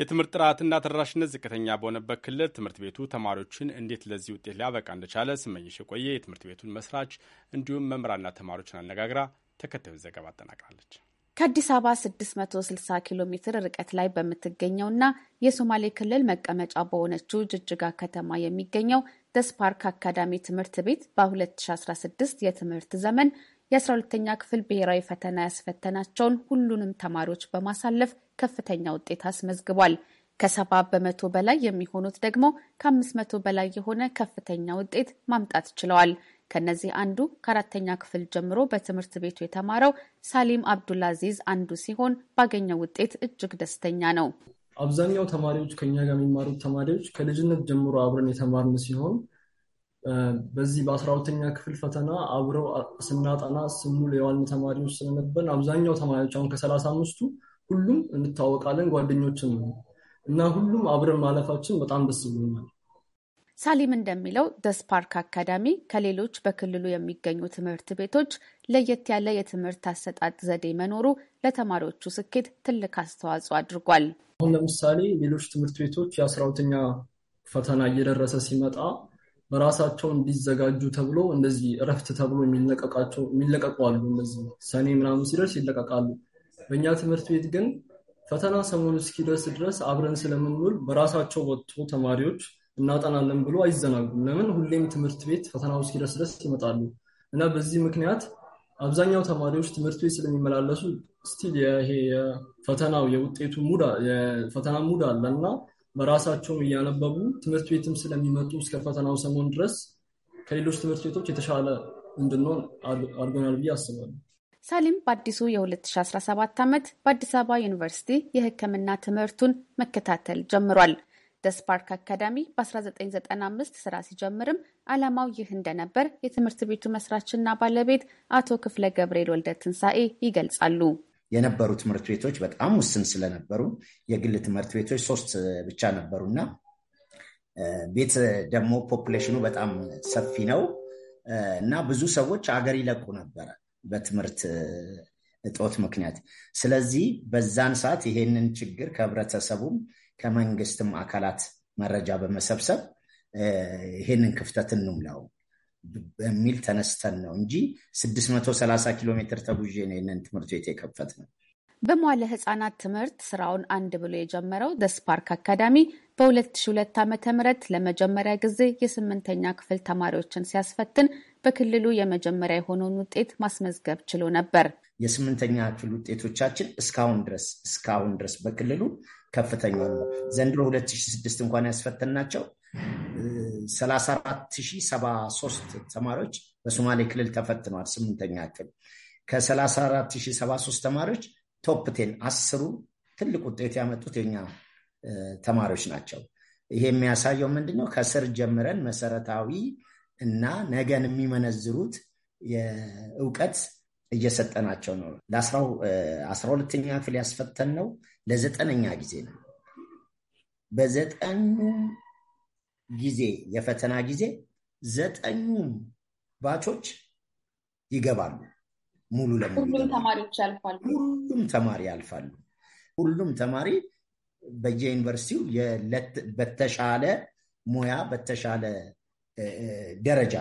የትምህርት ጥራትና ተደራሽነት ዝቅተኛ በሆነበት ክልል ትምህርት ቤቱ ተማሪዎችን እንዴት ለዚህ ውጤት ሊያበቃ እንደቻለ ስመኝሽ የቆየ የትምህርት ቤቱን መስራች እንዲሁም መምህራንና ተማሪዎችን አነጋግራ ተከታዩን ዘገባ አጠናቅራለች። ከአዲስ አበባ 660 ኪሎ ሜትር ርቀት ላይ በምትገኘውና የሶማሌ ክልል መቀመጫ በሆነችው ጅጅጋ ከተማ የሚገኘው ደስፓርክ አካዳሚ ትምህርት ቤት በ2016 የትምህርት ዘመን የ12ተኛ ክፍል ብሔራዊ ፈተና ያስፈተናቸውን ሁሉንም ተማሪዎች በማሳለፍ ከፍተኛ ውጤት አስመዝግቧል። ከሰባ በመቶ በላይ የሚሆኑት ደግሞ ከአምስት መቶ በላይ የሆነ ከፍተኛ ውጤት ማምጣት ችለዋል። ከነዚህ አንዱ ከአራተኛ ክፍል ጀምሮ በትምህርት ቤቱ የተማረው ሳሊም አብዱልአዚዝ አንዱ ሲሆን ባገኘው ውጤት እጅግ ደስተኛ ነው። አብዛኛው ተማሪዎች ከኛ ጋር የሚማሩት ተማሪዎች ከልጅነት ጀምሮ አብረን የተማርን ሲሆን በዚህ በአስራ ሁለተኛ ክፍል ፈተና አብረው ስናጠና ስሙ የዋልን ተማሪዎች ስለነበር አብዛኛው ተማሪዎች አሁን ከሰላሳ አምስቱ ሁሉም እንታወቃለን ጓደኞችን ነው እና ሁሉም አብረን ማለፋችን በጣም ደስ ብሎናል። ሳሊም እንደሚለው ደስፓርክ አካዳሚ ከሌሎች በክልሉ የሚገኙ ትምህርት ቤቶች ለየት ያለ የትምህርት አሰጣጥ ዘዴ መኖሩ ለተማሪዎቹ ስኬት ትልቅ አስተዋጽኦ አድርጓል። አሁን ለምሳሌ ሌሎች ትምህርት ቤቶች የአስራ ሁለተኛ ፈተና እየደረሰ ሲመጣ በራሳቸው እንዲዘጋጁ ተብሎ እንደዚህ እረፍት ተብሎ የሚለቀቃቸው የሚለቀቁ አሉ። ሰኔ ምናምን ሲደርስ ይለቀቃሉ። በእኛ ትምህርት ቤት ግን ፈተና ሰሞኑ እስኪደርስ ድረስ አብረን ስለምንውል በራሳቸው ወጥቶ ተማሪዎች እናጠናለን ብሎ አይዘናጉም። ለምን ሁሌም ትምህርት ቤት ፈተናው እስኪደርስ ድረስ ይመጣሉ እና በዚህ ምክንያት አብዛኛው ተማሪዎች ትምህርት ቤት ስለሚመላለሱ ስቲል ይሄ የፈተናው የውጤቱ ሙድ የፈተና ሙድ አለ እና በራሳቸው እያነበቡ ትምህርት ቤትም ስለሚመጡ እስከ ፈተናው ሰሞን ድረስ ከሌሎች ትምህርት ቤቶች የተሻለ እንድንሆን አድርጎናል ብዬ አስባለሁ። ሳሊም በአዲሱ የ2017 ዓመት በአዲስ አበባ ዩኒቨርሲቲ የሕክምና ትምህርቱን መከታተል ጀምሯል። ደስፓርክ አካዳሚ በ1995 ስራ ሲጀምርም ዓላማው ይህ እንደነበር የትምህርት ቤቱ መስራችና ባለቤት አቶ ክፍለ ገብርኤል ወልደ ትንሣኤ ይገልጻሉ። የነበሩ ትምህርት ቤቶች በጣም ውስን ስለነበሩ የግል ትምህርት ቤቶች ሶስት ብቻ ነበሩና ቤት ደግሞ ፖፕሌሽኑ በጣም ሰፊ ነው እና ብዙ ሰዎች አገር ይለቁ ነበረ በትምህርት እጦት ምክንያት። ስለዚህ በዛን ሰዓት ይሄንን ችግር ከህብረተሰቡም ከመንግስትም አካላት መረጃ በመሰብሰብ ይሄንን ክፍተት እንሙላው በሚል ተነስተን ነው እንጂ 630 ኪሎ ሜትር ተጉዤ ነው ይህንን ትምህርት ቤት የከፈት ነው። በመዋለ ህጻናት ትምህርት ስራውን አንድ ብሎ የጀመረው ደስፓርክ አካዳሚ በ2002 ዓ ም ለመጀመሪያ ጊዜ የስምንተኛ ክፍል ተማሪዎችን ሲያስፈትን በክልሉ የመጀመሪያ የሆነውን ውጤት ማስመዝገብ ችሎ ነበር። የስምንተኛ ክፍል ውጤቶቻችን እስካሁን ድረስ እስካሁን ድረስ በክልሉ ከፍተኛ ነው። ዘንድሮ 2006 እንኳን ያስፈተናቸው 34073 ተማሪዎች በሶማሌ ክልል ተፈትነዋል። ስምንተኛ ክፍል ከ34073 ተማሪዎች ቶፕ ቴን አስሩ ትልቅ ውጤት ያመጡት የኛ ተማሪዎች ናቸው። ይሄ የሚያሳየው ምንድነው? ከስር ጀምረን መሰረታዊ እና ነገን የሚመነዝሩት የእውቀት እየሰጠናቸው ነው። ለአስራ ሁለተኛ ክፍል ያስፈተን ነው ለዘጠነኛ ጊዜ ነው። በዘጠኙም ጊዜ የፈተና ጊዜ ዘጠኙም ባቾች ይገባሉ። ሙሉ ለሙሉ ሁሉም ተማሪ ያልፋሉ። ሁሉም ተማሪ በየዩኒቨርሲቲው በተሻለ ሙያ በተሻለ ደረጃ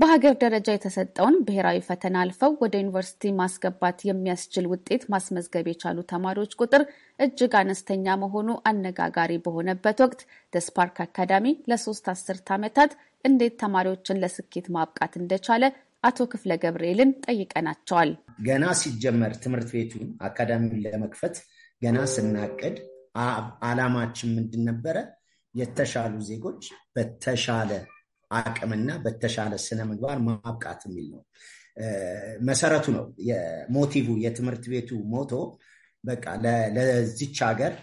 በሀገር ደረጃ የተሰጠውን ብሔራዊ ፈተና አልፈው ወደ ዩኒቨርሲቲ ማስገባት የሚያስችል ውጤት ማስመዝገብ የቻሉ ተማሪዎች ቁጥር እጅግ አነስተኛ መሆኑ አነጋጋሪ በሆነበት ወቅት ደስፓርክ አካዳሚ ለሶስት አስርት ዓመታት እንዴት ተማሪዎችን ለስኬት ማብቃት እንደቻለ አቶ ክፍለ ገብርኤልን ጠይቀናቸዋል። ገና ሲጀመር ትምህርት ቤቱን አካዳሚውን ለመክፈት ገና ስናቅድ አላማችን ምንድን ነበረ? የተሻሉ ዜጎች በተሻለ አቅምና በተሻለ ስነ ምግባር ማብቃት የሚል ነው። መሰረቱ ነው የሞቲቭ የትምህርት ቤቱ ሞቶ በቃ ለዚች ሀገር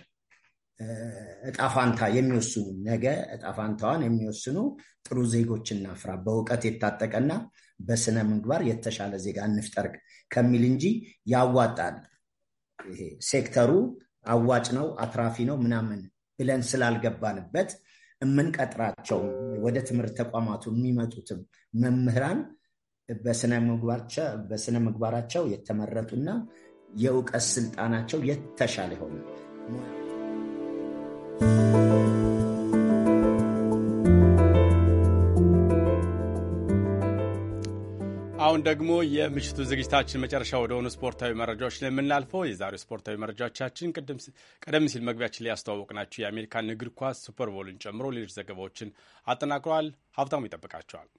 እጣፋንታ የሚወስኑ ነገ እጣፋንታዋን የሚወስኑ ጥሩ ዜጎች እናፍራ፣ በእውቀት የታጠቀና በስነ ምግባር የተሻለ ዜጋ እንፍጠርግ ከሚል እንጂ ያዋጣል፣ ይሄ ሴክተሩ አዋጭ ነው፣ አትራፊ ነው ምናምን ብለን ስላልገባንበት የምንቀጥራቸው ወደ ትምህርት ተቋማቱ የሚመጡትም መምህራን በስነ ምግባራቸው የተመረጡና የእውቀት ስልጣናቸው የተሻለ ይሆናል። አሁን ደግሞ የምሽቱ ዝግጅታችን መጨረሻ ወደሆኑ ስፖርታዊ መረጃዎች ላይ የምናልፈው የዛሬው ስፖርታዊ መረጃዎቻችን ቀደም ሲል መግቢያችን ላይ ናቸው የአሜሪካን እግር ኳስ ሱፐርቦልን ጨምሮ ሌሎች ዘገባዎችን አጠናቅረዋል። ሀብታሙ ይጠብቃቸዋል።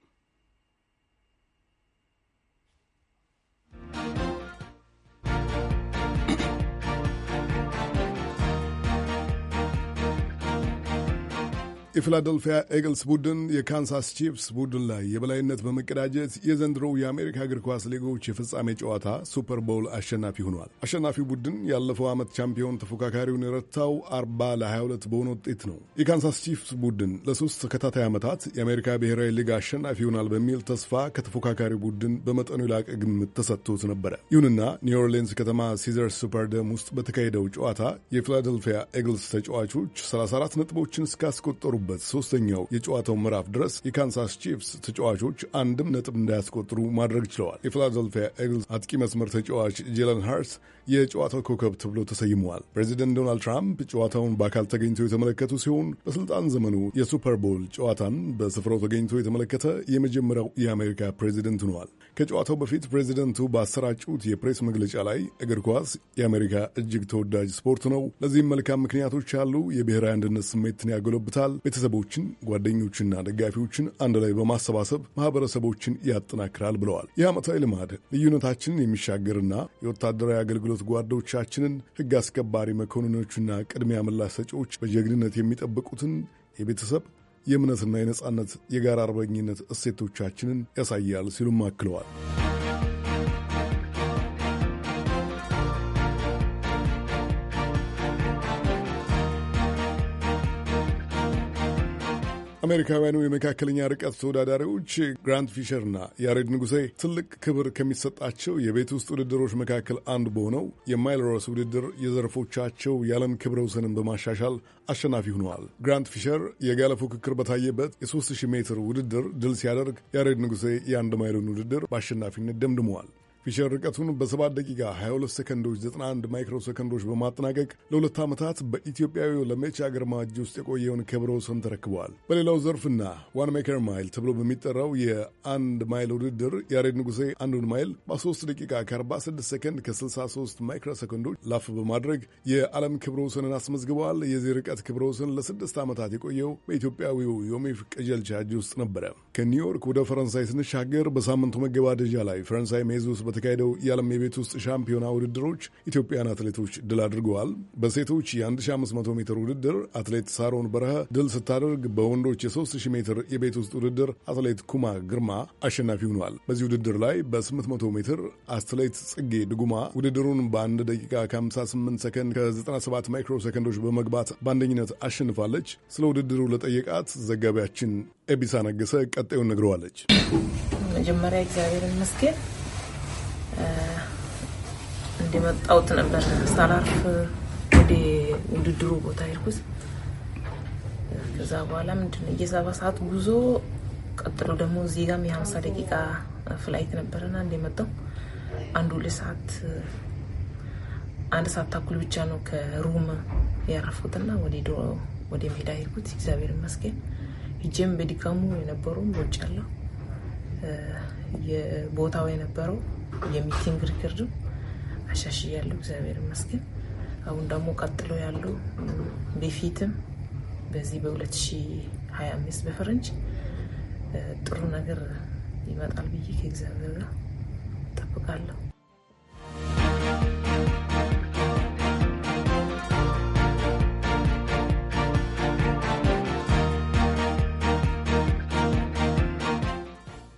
የፊላደልፊያ ኤግልስ ቡድን የካንሳስ ቺፍስ ቡድን ላይ የበላይነት በመቀዳጀት የዘንድሮው የአሜሪካ እግር ኳስ ሊጎች የፍጻሜ ጨዋታ ሱፐር ቦውል አሸናፊ ሆኗል። አሸናፊው ቡድን ያለፈው ዓመት ቻምፒዮን ተፎካካሪውን የረታው 40 ለ22 በሆነ ውጤት ነው። የካንሳስ ቺፍስ ቡድን ለሶስት ተከታታይ ዓመታት የአሜሪካ ብሔራዊ ሊግ አሸናፊ ይሆናል በሚል ተስፋ ከተፎካካሪው ቡድን በመጠኑ የላቀ ግምት ተሰጥቶት ነበረ። ይሁንና ኒው ኦርሊንስ ከተማ ሲዘርስ ሱፐርደም ውስጥ በተካሄደው ጨዋታ የፊላደልፊያ ኤግልስ ተጫዋቾች 34 ነጥቦችን እስካስቆጠሩ እስከደረሱበት ሶስተኛው የጨዋታው ምዕራፍ ድረስ የካንሳስ ቺፍስ ተጫዋቾች አንድም ነጥብ እንዳያስቆጥሩ ማድረግ ችለዋል። የፊላደልፊያ ኤግልስ አጥቂ መስመር ተጫዋች ጄለን ሃርስ የጨዋታው ኮከብ ተብሎ ተሰይመዋል። ፕሬዚደንት ዶናልድ ትራምፕ ጨዋታውን በአካል ተገኝተው የተመለከቱ ሲሆን በስልጣን ዘመኑ የሱፐር ቦል ጨዋታን በስፍራው ተገኝቶ የተመለከተ የመጀመሪያው የአሜሪካ ፕሬዚደንት ሆነዋል። ከጨዋታው በፊት ፕሬዚደንቱ ባሰራጩት የፕሬስ መግለጫ ላይ እግር ኳስ የአሜሪካ እጅግ ተወዳጅ ስፖርት ነው፣ ለዚህም መልካም ምክንያቶች አሉ፣ የብሔራዊ አንድነት ስሜትን ያጎለብታል፣ ቤተሰቦችን፣ ጓደኞችና ደጋፊዎችን አንድ ላይ በማሰባሰብ ማህበረሰቦችን ያጠናክራል ብለዋል። ይህ ዓመታዊ ልማድ ልዩነታችንን የሚሻገርና የወታደራዊ አገልግሎት የህይወት ጓዶቻችንን ህግ አስከባሪ መኮንኖቹና ቅድሚያ ምላሽ ሰጪዎች በጀግንነት የሚጠብቁትን የቤተሰብ የእምነትና የነጻነት የጋራ አርበኝነት እሴቶቻችንን ያሳያል ሲሉም አክለዋል። አሜሪካውያኑ የመካከለኛ ርቀት ተወዳዳሪዎች ግራንት ፊሸርና ያሬድ ንጉሴ ትልቅ ክብር ከሚሰጣቸው የቤት ውስጥ ውድድሮች መካከል አንዱ በሆነው ሮስ ውድድር የዘርፎቻቸው የዓለም ክብረ ወሰንን በማሻሻል አሸናፊ ሆነዋል። ግራንት ፊሸር የጋለ ፉክክር በታየበት የ3000 ሜትር ውድድር ድል ሲያደርግ፣ ያሬድ ንጉሴ የአንድ ማይልን ውድድር በአሸናፊነት ደምድመዋል። ፊሸር ርቀቱን በሰባት 7 ደቂቃ 22 ሰከንዶች 91 ማይክሮ ሰከንዶች በማጠናቀቅ ለሁለት ዓመታት በኢትዮጵያዊው ለሜቻ ግርማ እጅ ውስጥ የቆየውን ክብረ ወሰን ተረክበዋል። በሌላው ዘርፍና ዋን ሜከር ማይል ተብሎ በሚጠራው የአንድ ማይል ውድድር ያሬድ ንጉሴ አንዱን ማይል በ3 ደቂቃ ከ46 ሰከንድ ከ63 ማይክሮ ሰከንዶች ላፍ በማድረግ የዓለም ክብረ ወሰንን አስመዝግበዋል። የዚህ ርቀት ክብረ ወሰን ለስድስት ዓመታት የቆየው በኢትዮጵያዊው ዮሚፍ ቀጀልቻ እጅ ውስጥ ነበረ። ከኒውዮርክ ወደ ፈረንሳይ ስንሻገር በሳምንቱ መገባደጃ ላይ ፈረንሳይ ሜዝ ውስጥ በተካሄደው የዓለም የቤት ውስጥ ሻምፒዮና ውድድሮች ኢትዮጵያን አትሌቶች ድል አድርገዋል። በሴቶች የ1500 ሜትር ውድድር አትሌት ሳሮን በረሃ ድል ስታደርግ፣ በወንዶች የ3000 ሜትር የቤት ውስጥ ውድድር አትሌት ኩማ ግርማ አሸናፊ ሆኗል። በዚህ ውድድር ላይ በ800 ሜትር አትሌት ጽጌ ድጉማ ውድድሩን በ1 ደቂቃ ከ58 ሰከንድ ከ97 ማይክሮ ሰከንዶች በመግባት በአንደኝነት አሸንፋለች። ስለ ውድድሩ ለጠየቃት ዘጋቢያችን ኤቢሳ ነገሰ ቀጣዩን ነግረዋለች። መጀመሪያ እግዚአብሔር ይመስገን እንደመጣሁት ነበር ሳላርፍ ወደ ውድድሩ ቦታ ሄድኩት። ከዛ በኋላ ምንድነው የሰባ ሰዓት ጉዞ ቀጥሎ ደግሞ እዚህ ጋም የሀምሳ ደቂቃ ፍላይት ነበረና እንደመጣሁ አንድ ሁለት ሰዓት አንድ ሰዓት ተኩል ብቻ ነው ከሩም ያረፉትና ወደ ዶሮ ወደ ሜዳ ሄድኩት። እግዚአብሔር ይመስገን ሂጄም በድካሙ የነበረውም ወጭ አለው የቦታው የነበረው የሚቲንግ ሪከርዱ አሻሽ ያለው እግዚአብሔር ይመስገን። አሁን ደግሞ ቀጥሎ ያለው በፊትም በዚህ በ2025 በፈረንጅ ጥሩ ነገር ይመጣል ብዬ ከእግዚአብሔር ጋር ጠብቃለሁ።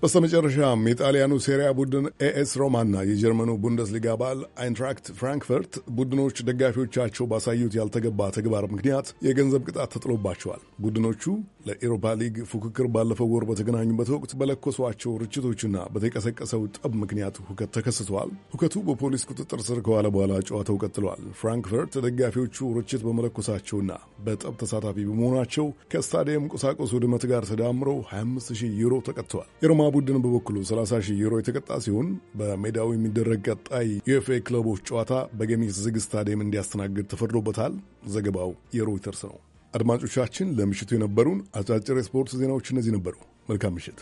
በስተመጨረሻም የጣሊያኑ ሴሪያ ቡድን ኤኤስ ሮማና የጀርመኑ ቡንደስሊጋ ባል አይንትራክት ፍራንክፈርት ቡድኖች ደጋፊዎቻቸው ባሳዩት ያልተገባ ተግባር ምክንያት የገንዘብ ቅጣት ተጥሎባቸዋል። ቡድኖቹ ለኢሮፓ ሊግ ፉክክር ባለፈው ወር በተገናኙበት ወቅት በለኮሷቸው ርችቶችና በተቀሰቀሰው ጠብ ምክንያት ሁከት ተከስተዋል። ሁከቱ በፖሊስ ቁጥጥር ስር ከዋለ በኋላ ጨዋታው ቀጥሏል። ፍራንክፈርት ደጋፊዎቹ ርችት በመለኮሳቸውና በጠብ ተሳታፊ በመሆናቸው ከስታዲየም ቁሳቁስ ውድመት ጋር ተዳምረው 25000 ዩሮ ተቀጥተዋል። የሮማ ቡድን በበኩሉ 30000 ዩሮ የተቀጣ ሲሆን በሜዳው የሚደረግ ቀጣይ ዩኤፍኤ ክለቦች ጨዋታ በገሚስ ዝግ ስታዲየም እንዲያስተናግድ ተፈርዶበታል። ዘገባው የሮይተርስ ነው። አድማጮቻችን፣ ለምሽቱ የነበሩን አጫጭር የስፖርት ዜናዎች እነዚህ ነበሩ። መልካም ምሽት።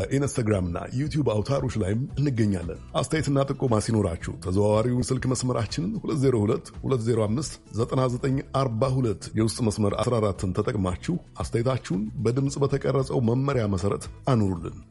በኢንስታግራምና ዩቲዩብ አውታሮች ላይም እንገኛለን። አስተያየትና ጥቆማ ሲኖራችሁ ተዘዋዋሪውን ስልክ መስመራችንን 2022059942 የውስጥ መስመር 14ን ተጠቅማችሁ አስተያየታችሁን በድምፅ በተቀረጸው መመሪያ መሰረት አኑሩልን።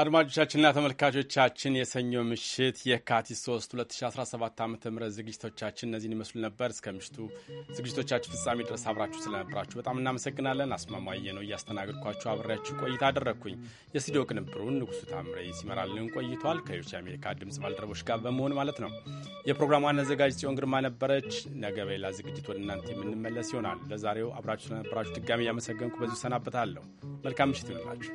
አድማጮቻችንና ተመልካቾቻችን የሰኞ ምሽት የካቲት 3 2017 ዓ ም ዝግጅቶቻችን እነዚህን ይመስሉ ነበር። እስከ ምሽቱ ዝግጅቶቻችን ፍጻሜ ድረስ አብራችሁ ስለነበራችሁ በጣም እናመሰግናለን። አስማማየ ነው እያስተናገድኳችሁ አብሬያችሁ ቆይታ አደረግኩኝ። የስቱዲዮ ቅንብሩን ንጉሱ ታምሬ ሲመራልን ቆይቷል። ከሌሎች የአሜሪካ ድምፅ ባልደረቦች ጋር በመሆን ማለት ነው። የፕሮግራሙ ዋና አዘጋጅ ጽዮን ግርማ ነበረች። ነገ በሌላ ዝግጅት ወደ እናንተ የምንመለስ ይሆናል። ለዛሬው አብራችሁ ስለነበራችሁ ድጋሚ እያመሰገንኩ በዚሁ ሰናበታለሁ። መልካም ምሽት ይሆንላችሁ።